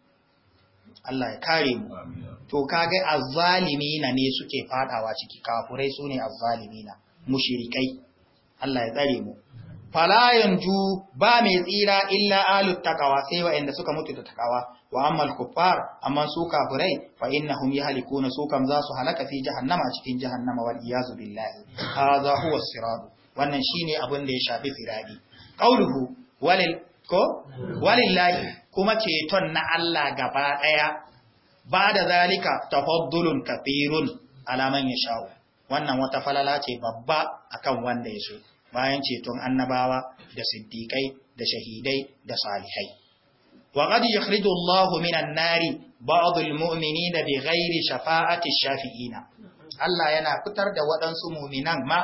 Allah ya kare mu to kage azzalimina ne suke fadawa ciki kafurai sune azzalimina mushrikai Allah ya tsare mu fala ju ba mai tsira illa alut takawa sai waɗanda suka mutu da takawa wa amal kuffar amma su kafirai fa innahum yahlikuna su kam za su halaka fi jahannama cikin jahannama wal iyazu billahi hadha huwa sirad wannan shine abin da ya shafi siradi qauluhu walil ko walillahi kuma ceton na Allah gaba daya ba da zalika tafaddulun kafirun alaman yashau wannan wata falala ce babba akan wanda ya so bayan ceton annabawa da siddiƙai da shahidai da salihai wa ya yakhriju Allahu minan nari bai almu'minina bighairi shafa'ati shafi'ina Allah yana fitar da waɗansu mu'minan ma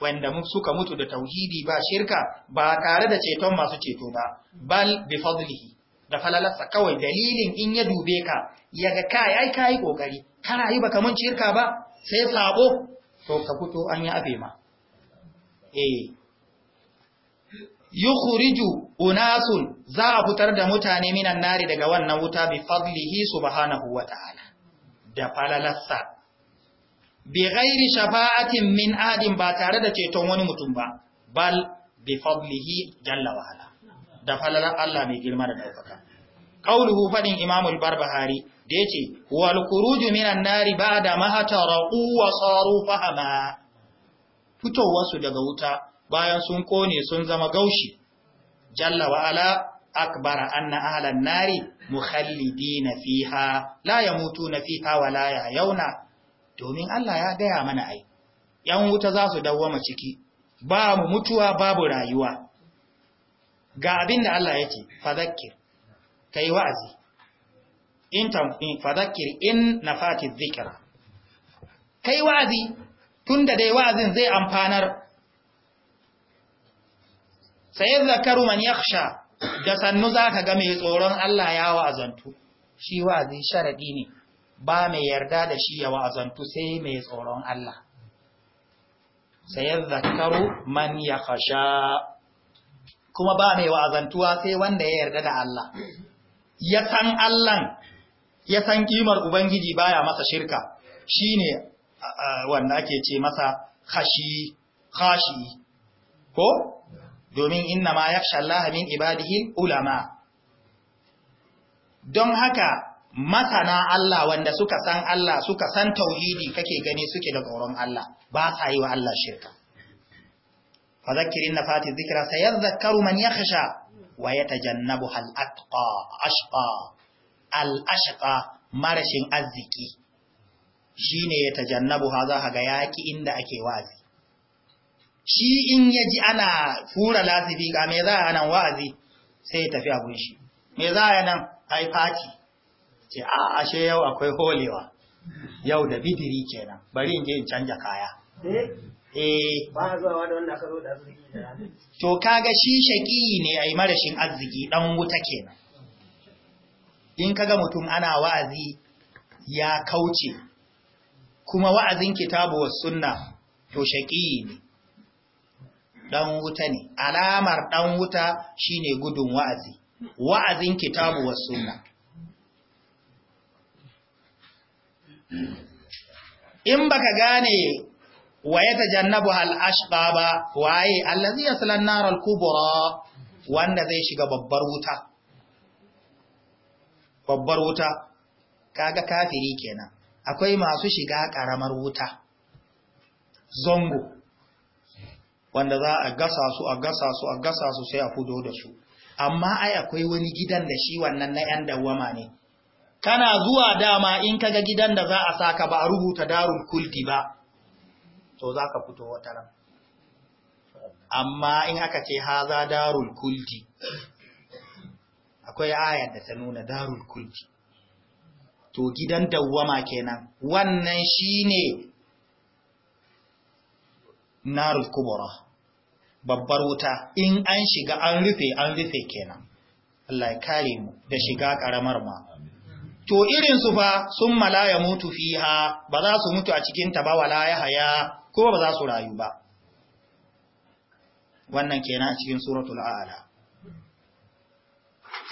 wanda suka mutu da tauhidi ba shirka ba tare da ceton masu ceto ba bal bi fadlihi da falalarsa kawai dalilin in ya dube ka ya ga kai ai kai kokari kana yi ba mun shirka ba sai sabo to ka fito an yi abe ma eh yukhriju unasun za a fitar da mutane minan nari daga wannan wuta bi fadlihi subhanahu ta'ala. da falalarsa bi ghairi shafa'atin min adin ba tare da ceton wani mutum ba bal bi fadlihi jalla wa ala da falalar Allah mai girma da daukaka qauluhu fadin imam al-barbahari da yace wal khuruju minan nari ba'da ma hataru wa saru fahama fitowarsu daga wuta bayan sun kone sun zama gaushi jalla wa ala akbara anna ahlan nari mukhallidina fiha la yamutuna fiha wa la yauna domin Allah ya gaya mana ai yan wuta za su dawwama ciki ba mu mutuwa babu rayuwa ga abin da Allah yake fadhakkir kai wa'azi in in fadhakkir in nafati dhikra kai wa'azi Tun da dai wa'azin zai amfanar sai zakaru man ya yakhsha da sannu za ka ga mai tsoron Allah ya wa'azantu shi wa'azi sharadi ne ba mai yarda da shi ya wa'azantu sai mai tsoron Allah sai zakaru man ya yakhsha kuma ba mai wa'azantuwa sai wanda ya yarda da Allah ya san Allah ya san ƙimar ubangiji baya masa shirka shi ne. Eh, wanda ake ce masa khashi khashi ko domin inna ma yakhsha Allah min ibadihin ulama don haka masana Allah wanda suka san Allah suka san tauhidi kake gani suke da tsoron Allah ba sa yi wa Allah shirka fadhakkir inna fati dhikra sayadhakkaru man kasha wa yatajannabuha al-atqa ashqa al marashin arziki shine ya tajannabu ha za ga yaki inda ake wa'azi shi in ya ji ana fura lasifi ga me za a nan wa'azi sai ya tafi abun shi me za a nan ai fati ce a ashe yau akwai holewa yau da bidiri kenan bari in je in canja kaya eh, eh. ba da zo da to kaga shi shaki ne ai marashin arziki dan wuta kenan in kaga mutum ana wa'azi ya kauce kuma wa'azin kitabu wa suna to shaƙi ne ɗan wuta ne alamar ɗan wuta shi ne gudun wa'azi wa'azin kitabu wa suna. in ba ka gane wa ya tajannabu al'ashqa ba waye allazi yaslan narar kubra wanda zai shiga babbar wuta babbar wuta kaga kafiri kenan akwai masu shiga ƙaramar wuta zongo wanda za a gasa su a gasa su a gasa su sai a fudo da su amma ai akwai wani gidan da shi wannan na ‘yan dawama ne kana zuwa dama in kaga gidan da za a saka ba a rubuta darul kulti ba to za ka fito wata ran amma in aka ce haza darul kulti. akwai ayar da ta nuna darul kulti. to gidan dawwama kenan wannan shine narul kubra babbar wuta in an shiga an rufe an rufe kenan Allah ya kare mu da shiga karamar ma to irin su fa sun malaya mutu fiha ba za su mutu a cikin ta ba wala ya haya ko ba za su rayu ba wannan kenan a cikin suratul a'la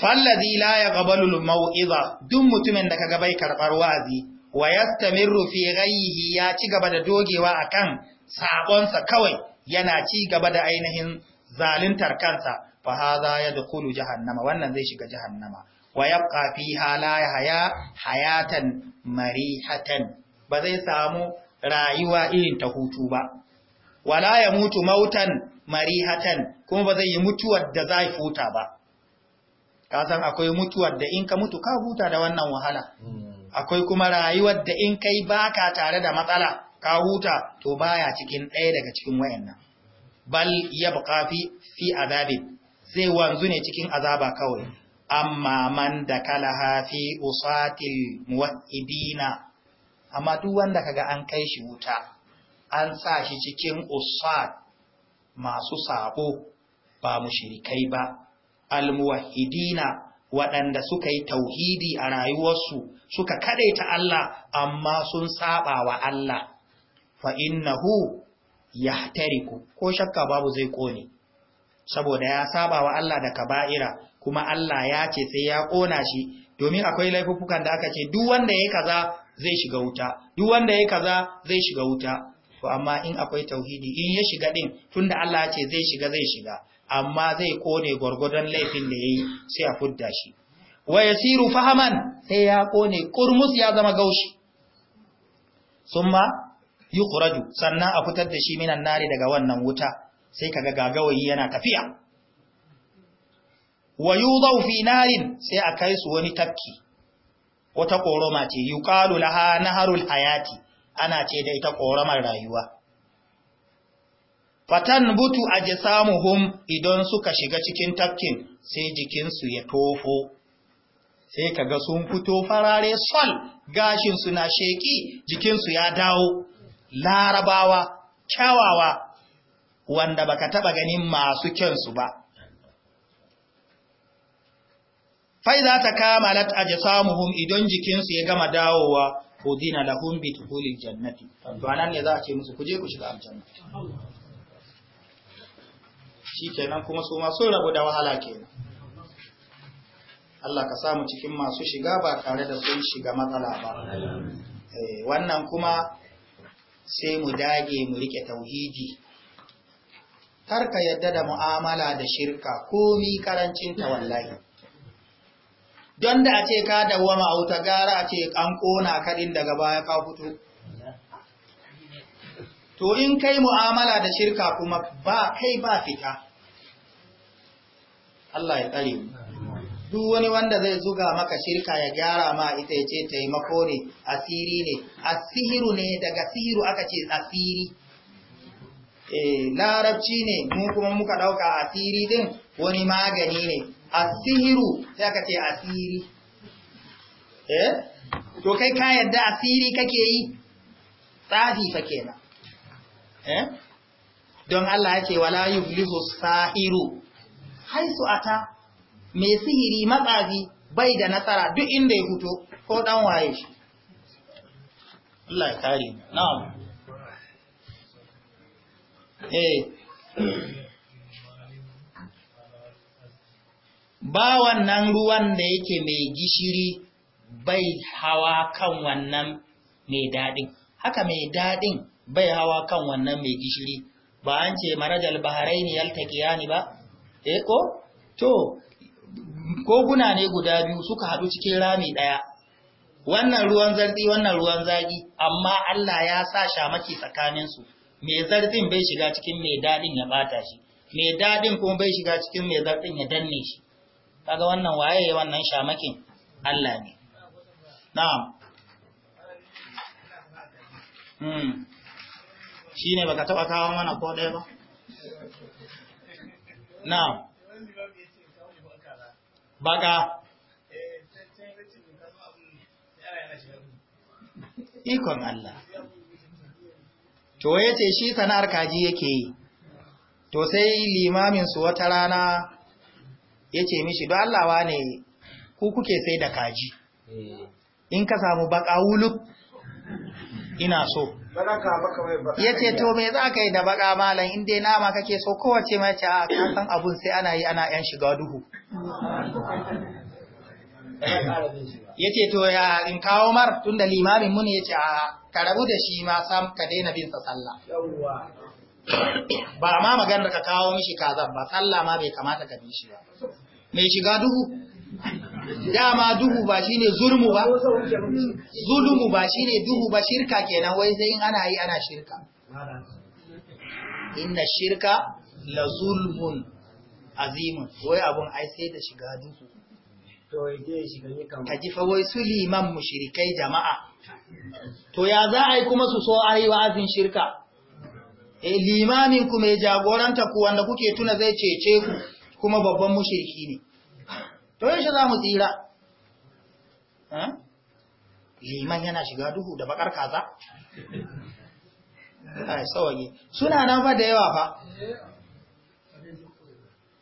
fallazi la gabalul mau'iza duk mutumin da ka bai karbar wazi wa yastamirru rufe ghayhi ya ci gaba da dogewa akan saƙonsa kawai yana ci gaba da ainihin zaluntar kansa fa da Kulu, jahannama wannan zai shiga jahannama wa yabqa hala ya haya hayatan marihatan ba zai samu rayuwa irin ta hutu ba wala ya mutu mautan marihatan kuma ba zai yi mutuwar da zai futa ba kasan akwai mutuwar da in ka mutu ka huta da wannan wahala hmm. akwai kuma rayuwar da in kai baka tare da matsala ka huta to baya cikin ɗaya daga cikin wayannan bal yabqa fi fi azabin sai wanzu ne cikin azaba kawai amma man da kalaha fi usatil muwahhidina amma duk wanda kaga an kai shi wuta an sa shi cikin usat masu sabo ba mushrikai ba almuwahidina waɗanda suka yi tauhidi a rayuwarsu suka ta Allah amma sun saba wa Allah fa innahu yahtariku ko shakka babu zai kone saboda ya saba wa Allah da kaba'ira kuma Allah ya ce sai ya kona shi domin akwai laifukan da aka ce duk wanda yayi kaza zai shiga wuta duk wanda yayi kaza zai shiga wuta to amma in akwai tauhidi in ya shiga din tunda Allah ya ce zai shiga zai shiga amma zai kone gwargwadon laifin da ya yi sai a fudda shi wa ya fahaman sai ya kone kurmus ya zama gaushi Summa, yi sannan a fitar da shi minan nari daga wannan wuta sai kaga gagawayi yana tafiya wa yudau fi narin sai a kai su wani tafki wata koroma ce yuqalu laha naharul hayati ana ce da ita koromar rayuwa fatan butu a jisamuhum idan suka shiga cikin tafkin sai jikinsu ya tofo sai kaga sun fito farare sol gashinsu na sheki jikinsu ya dawo larabawa kyawawa wanda baka taba ganin masu kyansu ba Fai za ta kamalat ajsamuhum idan jikinsu ya gama dawowa udina lahum bi tuhulil jannati to nan ne za a ce musu kuje ku shiga aljanna shikenan kuma su masu rabu da wahala kenan Allah ka samu cikin masu shiga ba tare da sun shiga matsala ba eh, wannan kuma sai mu dage mu rike tauhidi kar ka yadda da mu'amala da shirka komi ta wallahi don da a ce ka dawwama a wuta gara a ce an ƙona kaɗin daga baya ka fito to in kai mu'amala da shirka kuma ba kai ba fita Allah ya tsare duk wani wanda zai zuga maka shirka ya gyara ma ita ya ce taimako ne asiri ne Asiru ne daga sihiru aka ce asiri eh, larabci ne mu kuma muka dauka asiri din wani magani ne Asiru sai aka ce asiri eh to kai ka yadda asiri kake yi tsafi fa kenan eh don Allah ya ce wala yuflihu sahiru haisu ata mai sihiri matsazi bai da nasara duk inda ya fito ko dan waye shi Allah ya kare na'am eh ba wannan ruwan da yake mai gishiri bai hawa kan wannan mai daɗin haka mai daɗin bai hawa kan wannan mai gishiri ba an ce marajal baharaini yaltaqiyani yalta ba to eh ko to koguna ne guda biyu suka haɗu cikin rami ɗaya wannan ruwan zardi wannan ruwan zagi amma Allah ya sa shamaki tsakaninsu me zardin bai shiga cikin me daɗin ya ɓata shi me daɗin kuma bai shiga cikin me zardin ya danne shi kaga wannan waye wannan shamakin Allah ne na'am hmm shine baka taba kawo mana ko ɗaya ba na Baga. ikon Allah to ya ce shi sana'ar kaji yake yi to sai limamin su wata rana ya ce mishi don allawa ne ku kuke sai da kaji eh. in ka samu baka wuluk ina so ya ce to me za ka yi da baka malam inda nama kake so kowace mace a kasan abun sai ana yi ana yan shiga duhu ya ce to ya in kawo mar tun da limamin muni ya ce a karabu da shi ma sam ka daina bin sa sallah ba ma maganar ka kawo mishi kazan ba sallah ma bai kamata ka bi shi ba mai shiga duhu dama duhu ba shine zulmu ba zulmu ba shine duhu ba shirka kenan wai sai in ana yi ana shirka inna shirka la zulmun azimun wai abun ai sai da shiga duhu ka ji fa wai su liman mushrikai jama'a to ya za a yi kuma su so a yi wa'azin shirka e eh, limanin ku mai jagoranta ku wanda kuke tuna zai cece ku kuma babban mushriki ne to yaushe za mu tsira liman yana shiga duhu da bakar kaza ai sawaye suna nan fa da yawa fa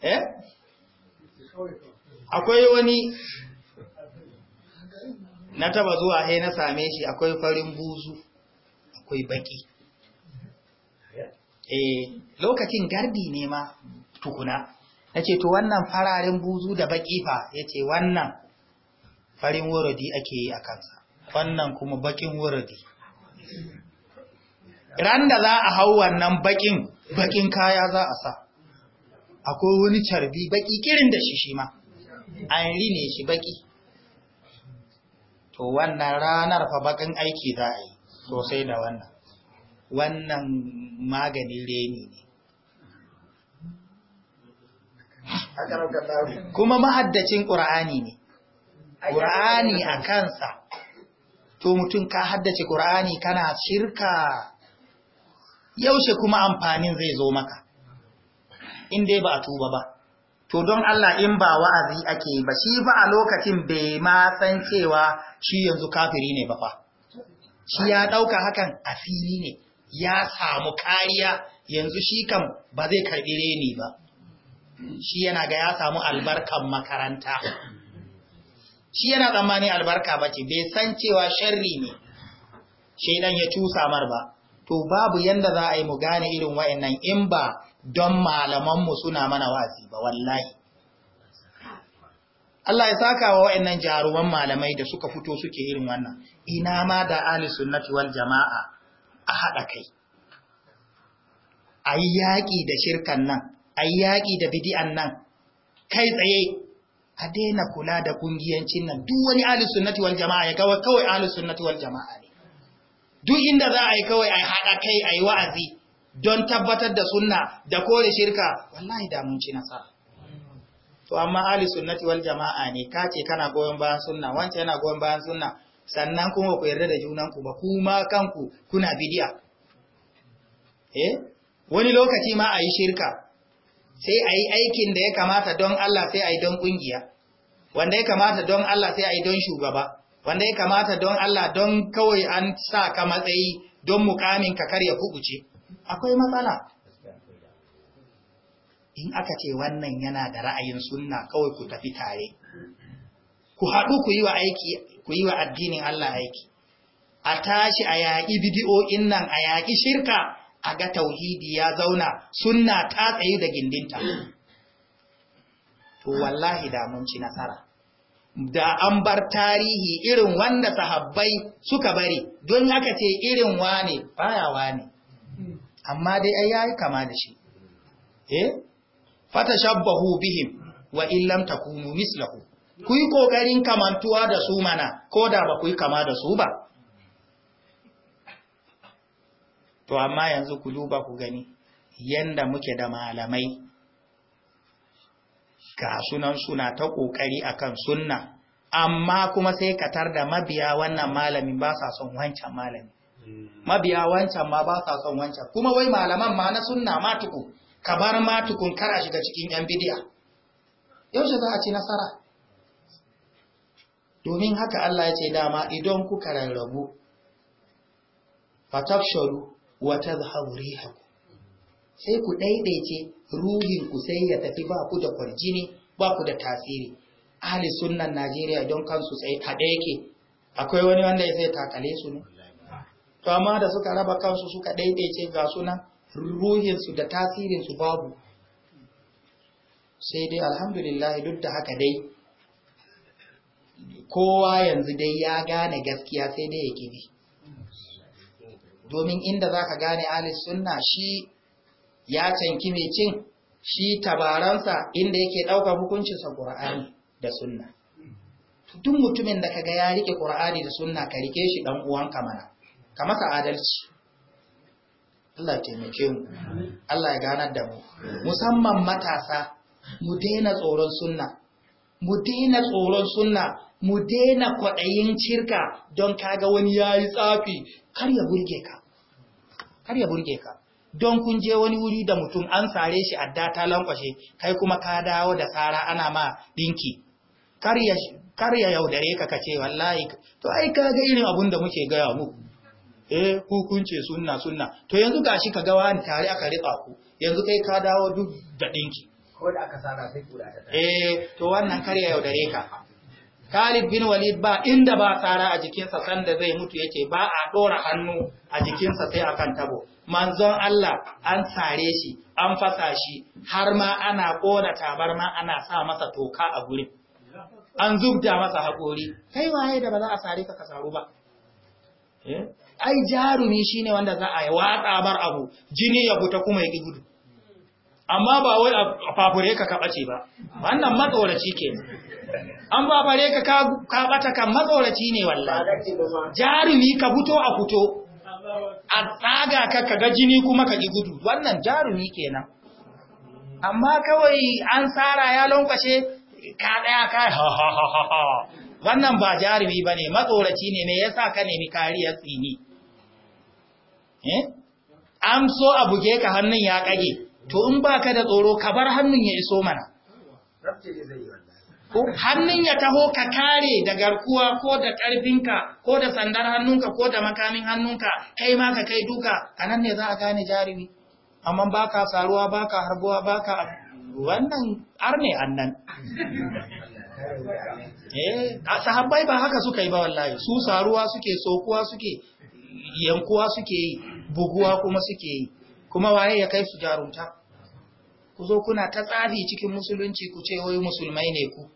eh akwai wani na taba zuwa he na same shi akwai farin buzu akwai baki eh lokacin gardi ne ma tukuna na ce to wannan fararen buzu da baƙi fa ya ce wannan farin waradi ake yi a kansa wannan kuma baƙin waradi ran da za a hau wannan baƙin baƙin kaya za a sa akwai wani carbi baki kirin da shi shi ma an ne shi baƙi to wannan ranar fa baƙin aiki za a yi sosai da wannan wannan magani reni ne kuma mahaddacin ƙura'ani ne ƙura'ani a kansa to mutum ka haddace ƙura'ani kana shirka yaushe kuma amfanin zai zo maka inda ba a tuba ba to don Allah in ba wa'azi ake ba shi ba a lokacin bai ma san cewa shi yanzu kafiri ne ba fa shi ya ɗauka hakan asiri ne ya samu kariya yanzu shi kam ba zai karɓi reni ba shi yana ga ya samu albarkan makaranta shi yana tsammanin albarka bace bai san cewa sharri ne shaidan ya cusa mar ba to babu yanda za a yi mu gane irin wa'annan in ba don malamanmu suna mana wazi ba wallahi Allah ya saka wa wa'annan jaruman malamai da suka fito suke irin wannan ina ma da ahli sunnati wal jama'a a haɗa kai ayi yaƙi da shirkan nan a yaƙi da bidi'an nan kai tsaye a daina kula da kungiyancin nan duk wani ahlus sunnati wal jama'a ya kawai kawai ahlus sunnati wal jama'a ne duk inda za a yi kawai a haɗa kai a yi wa'azi don tabbatar da sunna da kore shirka wallahi da mun ci nasara to amma ahlus sunnati wal jama'a ne kace kana goyon bayan sunna wanda yana goyon bayan sunna sannan kuma ku yarda da ku ba kuma kanku kuna bidi'a. eh wani lokaci ma a yi shirka sai a yi aikin da ya kamata don Allah sai a don ƙungiya wanda ya kamata don Allah sai a don shugaba wanda ya kamata don Allah don kawai an sa ka matsayi don mukamin ka karya ya kubuce akwai matsala in aka ce wannan yana da ra'ayin sunna kawai ku tafi tare ku haɗu ku yi wa addinin Allah aiki a tashi a yaƙi bidiyoyin nan a yaƙi shirka a ga tauhidi ya zauna sunna ta tsaye da gindinta to wallahi da mun ci nasara da an bar tarihi irin wanda sahabbai suka bari don haka ce irin wane baya wane amma dai ai yayi kama da shi eh fatashabbahu bihim wa illam takunu mislahu ku yi kokarin kamantuwa da su mana ko da ba ku yi kama da su ba to amma yanzu ku duba ku gani yanda muke da malamai ga sunan suna ta ƙoƙari akan sunna amma kuma sai ka tar da mabiya wannan malamin ba sa son wancan malami hmm. mabiya wancan ma ba sa son wancan kuma wai malaman ma na sunna ma tuku ka bar ma tukun kara shiga cikin yan bidiya yaushe za a ci nasara domin haka Allah ya ce dama idan kuka rarrabu fatafshalu wa zahauri haku, sai ku ɗaiɗaice ruhin ku sai ya tafi ba ku da kwarjini ba ku da tasiri ahli sunnan Najeriya don kansu sai haɗe yake akwai wani wanda ya sai takale su ne to amma da suka raba kansu suka ɗaiɗaice ga suna ruhinsu da tasirinsu babu sai dai alhamdulillah duk da haka dai kowa yanzu dai ya gane gaskiya sai dai ya kibi domin inda za ka gane alis sunna shi ya canki mai cin shi tabaransa inda yake ɗaukar hukuncinsa ƙura'ani da sunna Tun mutumin da ka ga ya rike ƙura'ani da sunna ka rike shi ɗan uwanka mana ka masa adalci Allah taimake mu Allah ya ganar da mu musamman matasa mu daina tsoron sunna mu daina tsoron sunna mu daina kwaɗayin cirka don kaga wani ya yi tsafi kar ya burge ka kar ya burge ka don kun je wani wuri da mutum an sare shi adda ta lankwashe kai kuma ka dawo da tsara ana ma ɗinki kar ya yaudare ka kace wallahi to ai kaga irin abun da muke gaya muku eh hukunce sunna sunna to yanzu gashi ka gawa ni tare aka riƙa ku yanzu kai ka dawo duk da ɗinki ko da aka sara sai kura ta eh to wannan kar ya yaudare ka Khalid bin Walid ba inda ba tsara a jikinsa sanda zai mutu yake ba a dora hannu a jikinsa sai akan tabo. Manzon Allah an sare shi, an fasa shi, har ma ana ƙona tabar ma ana sa masa toka a guri An zubta masa haƙori, kai waye da ba za a sare ka ka saru ba. Eh? Ai jarumi shine wanda za a yi watsa bar abu, jini ya fita kuma ya ƙi gudu. Amma ba wai a fafure ka kaɓace ba, wannan matsoraci ke. an ba bare ka ka bata kan matsoraci ne wallahi jarumi ka fito a fito a tsaga ka kaga jini kuma ka ji gudu wannan jarumi kenan amma kawai an tsara ya lankwashe ka daya ka ha ha ha ha wannan ba jarumi bane matsoraci ne me yasa ka nemi kariya tsini eh an so a buge ka hannun ya kage to in baka da tsoro ka bar hannun ya iso mana hannun ya taho ka kare da garkuwa ko da ƙarfinka ko da sandar hannunka ko da makamin hannunka kai ma ka kai duka a nan ne za a gane jarumi amma ba ka saruwa ba ka harbuwa ba ka wannan arne annan eh sahabbai ba haka suka yi ba wallahi su saruwa suke sokuwa suke yankuwa suke yi buguwa kuma suke yi kuma waye ya kai su jarumta ku zo kuna ta tsafi cikin musulunci ku ce wai musulmai ne ku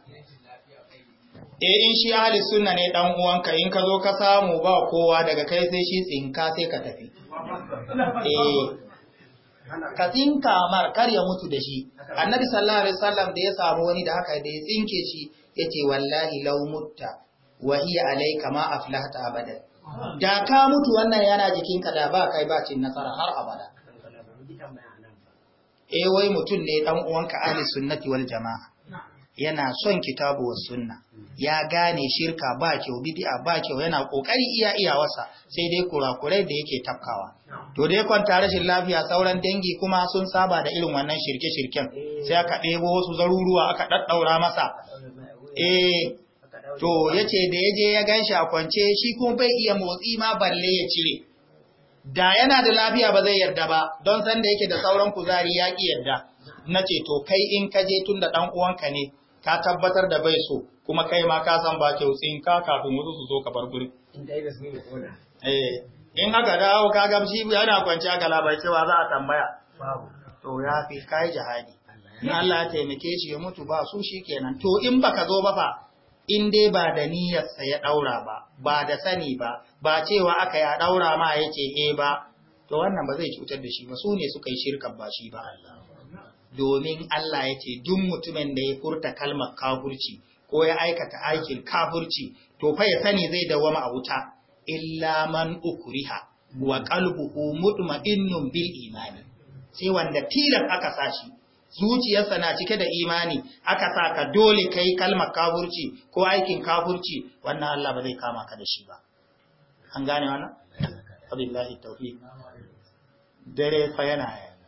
eh in shi ahli sunna ne dan uwanka in ka zo ka samu ba kowa daga kai sai shi tsinka sai ka tafi eh ka tsinka mar kar ya mutu da shi annabi sallallahu alaihi wasallam da ya samu wani da haka da ya tsinke shi yace wallahi law mutta wa hiya alayka ma aflahta abada da ka mutu wannan yana jikinka da ba kai ba cin nasara har abada eh wai mutum ne dan uwanka ahli sunnati wal jamaa yana son kitabu wa sunna ya gane shirka ba kyau bid'a ba kyau yana kokari iya wasa sai dai kurakurai da yake tafkawa to dai kwanta rashin lafiya sauran dangi kuma sun saba da irin wannan shirke-shirken sai aka ɗebo wasu zaruruwa aka ɗaɗɗaura masa eh to yace da yaje ya ganshi a kwance shi kuma bai iya motsi ma balle ya cire da yana da lafiya ba zai yarda ba don san da yake da sauran kuzari ya ki yarda nace to kai in ka je tun da ɗan uwanka ne ka tabbatar da bai so kuma kai ma ka san ba kyautsin ka kafin wasu su zo ka bar gurin eh in aka dawo ka gamshi yana kwanci aka labai cewa za a tambaya to ya fi kai jihadi in Allah ya taimake shi ya mutu ba su shi kenan. to in baka zo ba fa in dai ba da sa ya daura ba ba da sani ba ba cewa aka ya daura ma yace eh ba to wannan ba zai cutar da shi ba su ne suka yi shirkan ba shi ba Allah domin Allah ya ce duk mutumin da ya furta kalmar kafurci ko ya aikata aikin kafurci to fa ya sani zai dawama a wuta illa man ukriha wa qalbuhu mutma'innun bil imani sai wanda tilan aka sashi zuciyarsa na cike da imani aka sa ka dole kai kalmar kafurci ko aikin kafurci wannan Allah ba zai kama ka da shi ba an gane wannan abillahi tauhid dare fa yana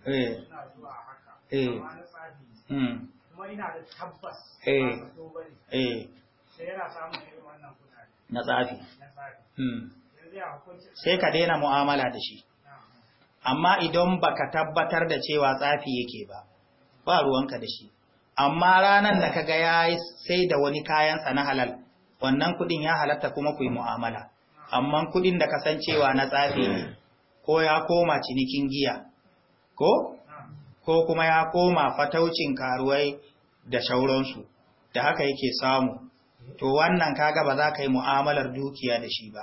sai ka daina mu'amala da shi amma idan baka tabbatar da cewa tsafi yake ba ba ruwanka da shi amma ranan da ka kaga yayi sai da wani kayansa na halal wannan kudin ya halatta kuma ku yi mu'amala amma kudin da ka san cewa na tsafi ne ko ya koma cinikin giya ko ko kuma ya koma fataucin karuwai da shauransu da haka yake samu to wannan kaga ba za ka yi mu'amalar dukiya da shi ba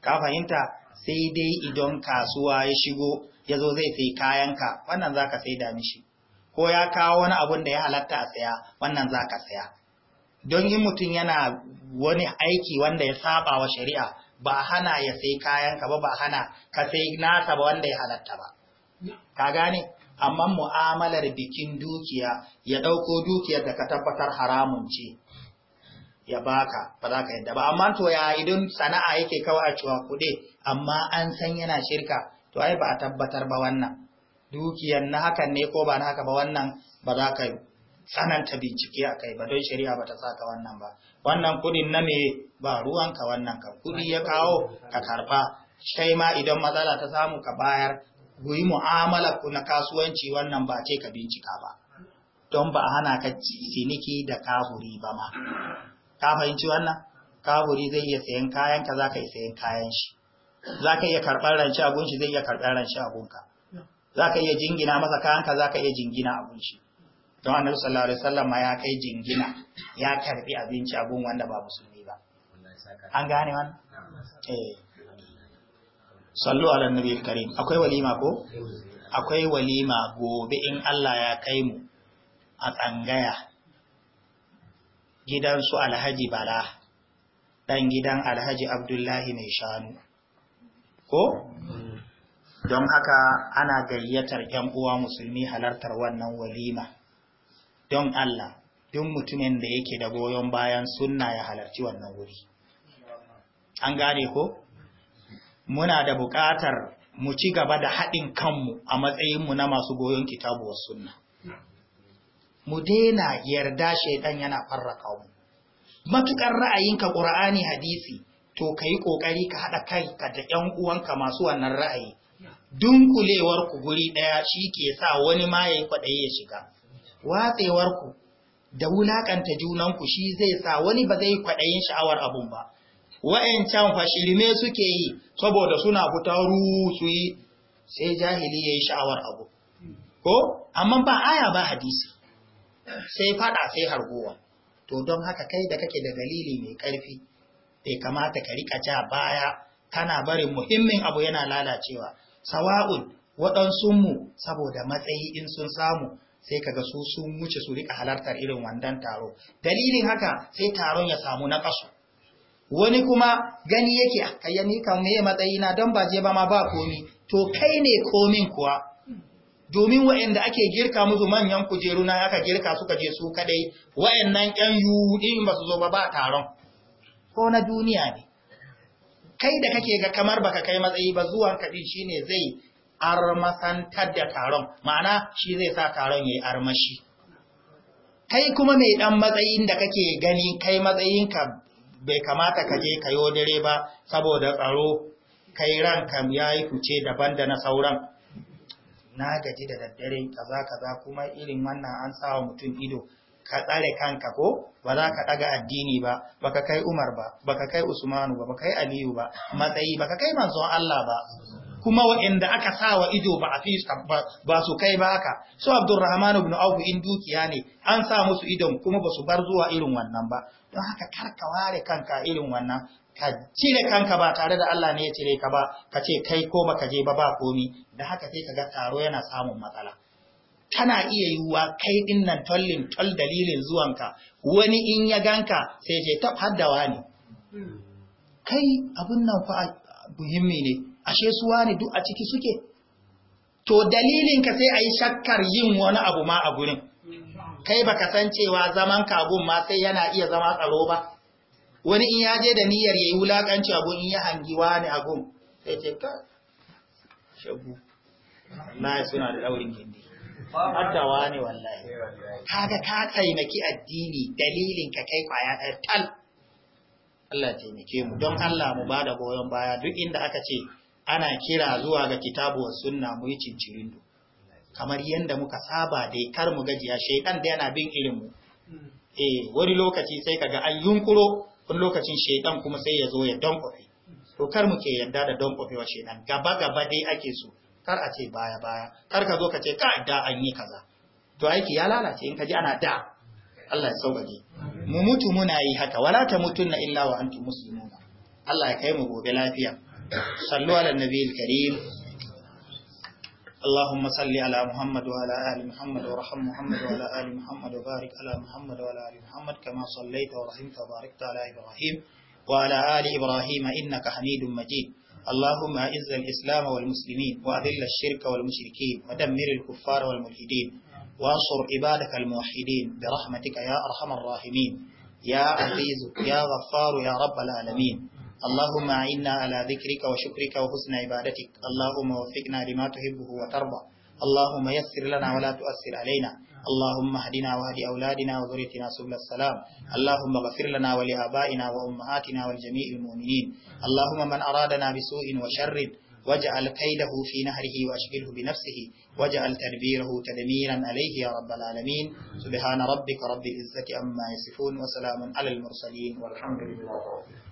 ka fahimta sai dai idan kasuwa ya shigo ya zo zai sai kayanka wannan za ka sai mishi ko ya kawo wani abun da ya halatta a saya wannan za ka saya don yin mutum yana wani aiki wanda ya saba wa shari'a ba hana ya sai kayanka ba ba hana ka sai nasa ba wanda ya halatta ba ka gane amma mu'amalar bikin dukiya ya ɗauko dukiyar da ka tabbatar haramun ce ya baka ba za ka yadda ba amma to ya idan sana'a yake kawai a cewa kuɗe amma an san yana shirka to ai ba a tabbatar ba wannan dukiyar na hakan ne ko ba na haka ba wannan ba za ka tsananta bincike a kai ba don shari'a ba ta ka wannan ba wannan kuɗin na me ba ruwanka wannan ka kuɗi ya kawo ka karɓa sai ma idan matsala ta samu ka bayar ku yi mu'amala na kasuwanci wannan ba ce ka bincika ba don ba hana ka ciniki da kaburi ba ma ka fahimci wannan Kaburi zai iya sayan kayan ka zaka iya sayan kayan shi zaka iya karɓar ranci a gunshi zai iya karɓar ranci a gunka zaka iya jingina masa kayan ka zaka iya jingina a gunshi don annabi sallallahu alaihi wasallam ya kai jingina ya karbi abinci a gun wanda ba musulmi ba an gane wannan eh sallu ala nabi karim akwai walima ko akwai walima gobe in Allah ya kai mu a tsangaya gidan su alhaji bala dan gidan alhaji abdullahi mai shanu ko don haka ana gayyatar ‘yan uwa musulmi halartar wannan walima don Allah duk mutumin da yake da goyon bayan sunna ya halarci wannan wuri. An gane ko? muna da buƙatar mu ci gaba da haɗin kanmu a matsayinmu na masu goyon kitabu wa sunna. Mu daina yarda shaidan yana farraka mu. Matuƙar ra'ayinka ƙura'ani hadisi, to ka yi ƙoƙari ka haɗa kai ka da ‘yan uwanka masu wannan ra'ayi. Dunkulewarku ku guri ɗaya shi ke sa wani ma ya yi kwaɗayi ya shiga. Watsewar ku da wulaƙanta junanku shi zai sa wani ba zai kwaɗayin sha'awar abun ba. wayancan fashilme suke yi saboda suna fita rusu yi sai jahili ya yi sha'awar abu ko amma ba aya ba hadisi sai fada sai harguwa to don haka kai da kake da dalili mai ƙarfi bai kamata ka rika ja baya kana barin muhimmin abu yana lalacewa sawa'un waɗansunmu saboda matsayi in sun samu sai kaga su sun wuce su rika halartar irin wandan taro dalilin haka sai taron ya samu na ƙasu wani kuma gani yake kayyami ah, kan matsayi matsayina don ba ba ma ba komi to kai ne komin kuwa domin waɗanda ake girka musu manyan kujeru na aka girka suka je su kadai waɗannan ƴan yudi ba su zo ba ba taron ko na duniya ne kai da kake ga kamar baka kai matsayi ba zuwan kaɗin shine zai armasantar da taron ma'ana shi zai sa taron yayi armashi kai kuma mai dan matsayin da kake gani kai matsayinka bai kamata ka je ka yi dare ba saboda tsaro kai ranka ya yi fice daban da na sauran na gaji da daddare kaza kaza kuma irin wannan an sawa mutum ido ka tsare kanka ko ba za ka daga addini ba baka kai Umar ba baka kai Usmanu ba baka kai Aliyu ba matsayi baka kai manzo Allah ba kuma waɗanda aka sa ido ba a fiye ba su kai ba haka su abdurrahman ibn auf in dukiya ne an sa musu idon kuma ba su bar zuwa irin wannan ba don haka kar ka ware kanka irin wannan ka cire kanka ba tare da Allah ne ya cire ka ba ka ce kai ko ka je ba ba komi da haka sai ka ga taro yana samun matsala kana iya yiwuwa kai din nan tollin tol dalilin zuwanka wani in ya ganka sai je ta haddawa ne kai abun nan fa muhimmi ne ashe su wani duk a ciki suke to dalilin ka sai ayi shakkar yin wani abu ma a gurin kai baka san cewa zaman kagun ma sai yana iya zama tsaro ba wani in ya je da niyyar yi wulakanci abu in ya hangi wani agun sai ce ka shagu na suna da daurin gindi hatta wani wallahi kaga ka taimaki addini dalilin ka kai kwaya ɗaya tal Allah taimake mu don Allah mu bada goyon baya duk inda aka ce ana kira zuwa ga kitabu wa sunna mu yi kamar yadda muka saba dai kar mu gajiya shaidan da yana bin irinmu hmm. e eh, wani lokaci sai kaga an yunkuro wani lokacin shaidan kuma sai ya zo ya donkofe to kar mu ke yadda da wa shaidan gaba gaba dai ake so kar a ce baya baya kar ka zo ka ce ka da an yi kaza to aiki ya lalace in ka ji ana da Allah ya sauƙaƙe mu mutu muna yi haka wala ta mutunna illa wa antum muslimuna Allah ya kai mu gobe lafiya sallu ala nabiyil karim اللهم صل على محمد وعلى آل محمد وارحم محمد وعلى آل محمد وبارك على محمد وعلى آل محمد كما صليت ورحمت وباركت على إبراهيم وعلى آل إبراهيم إنك حميد مجيد اللهم أعز الإسلام والمسلمين وأذل الشرك والمشركين ودمر الكفار والملحدين وانصر عبادك الموحدين برحمتك يا أرحم الراحمين يا عزيز يا غفار يا رب العالمين اللهم أعنا على ذكرك وشكرك وحسن عبادتك اللهم وفقنا لما تحبه وترضى اللهم يسر لنا ولا تؤثر علينا اللهم اهدنا واهد أولادنا وذريتنا سبل السلام اللهم اغفر لنا ولآبائنا وأمهاتنا ولجميع المؤمنين اللهم من أرادنا بسوء وشر واجعل كيده في نهره وأشغله بنفسه واجعل تدبيره تدميرا عليه يا رب العالمين سبحان ربك رب العزة عما يصفون وسلام على المرسلين والحمد لله رب العالمين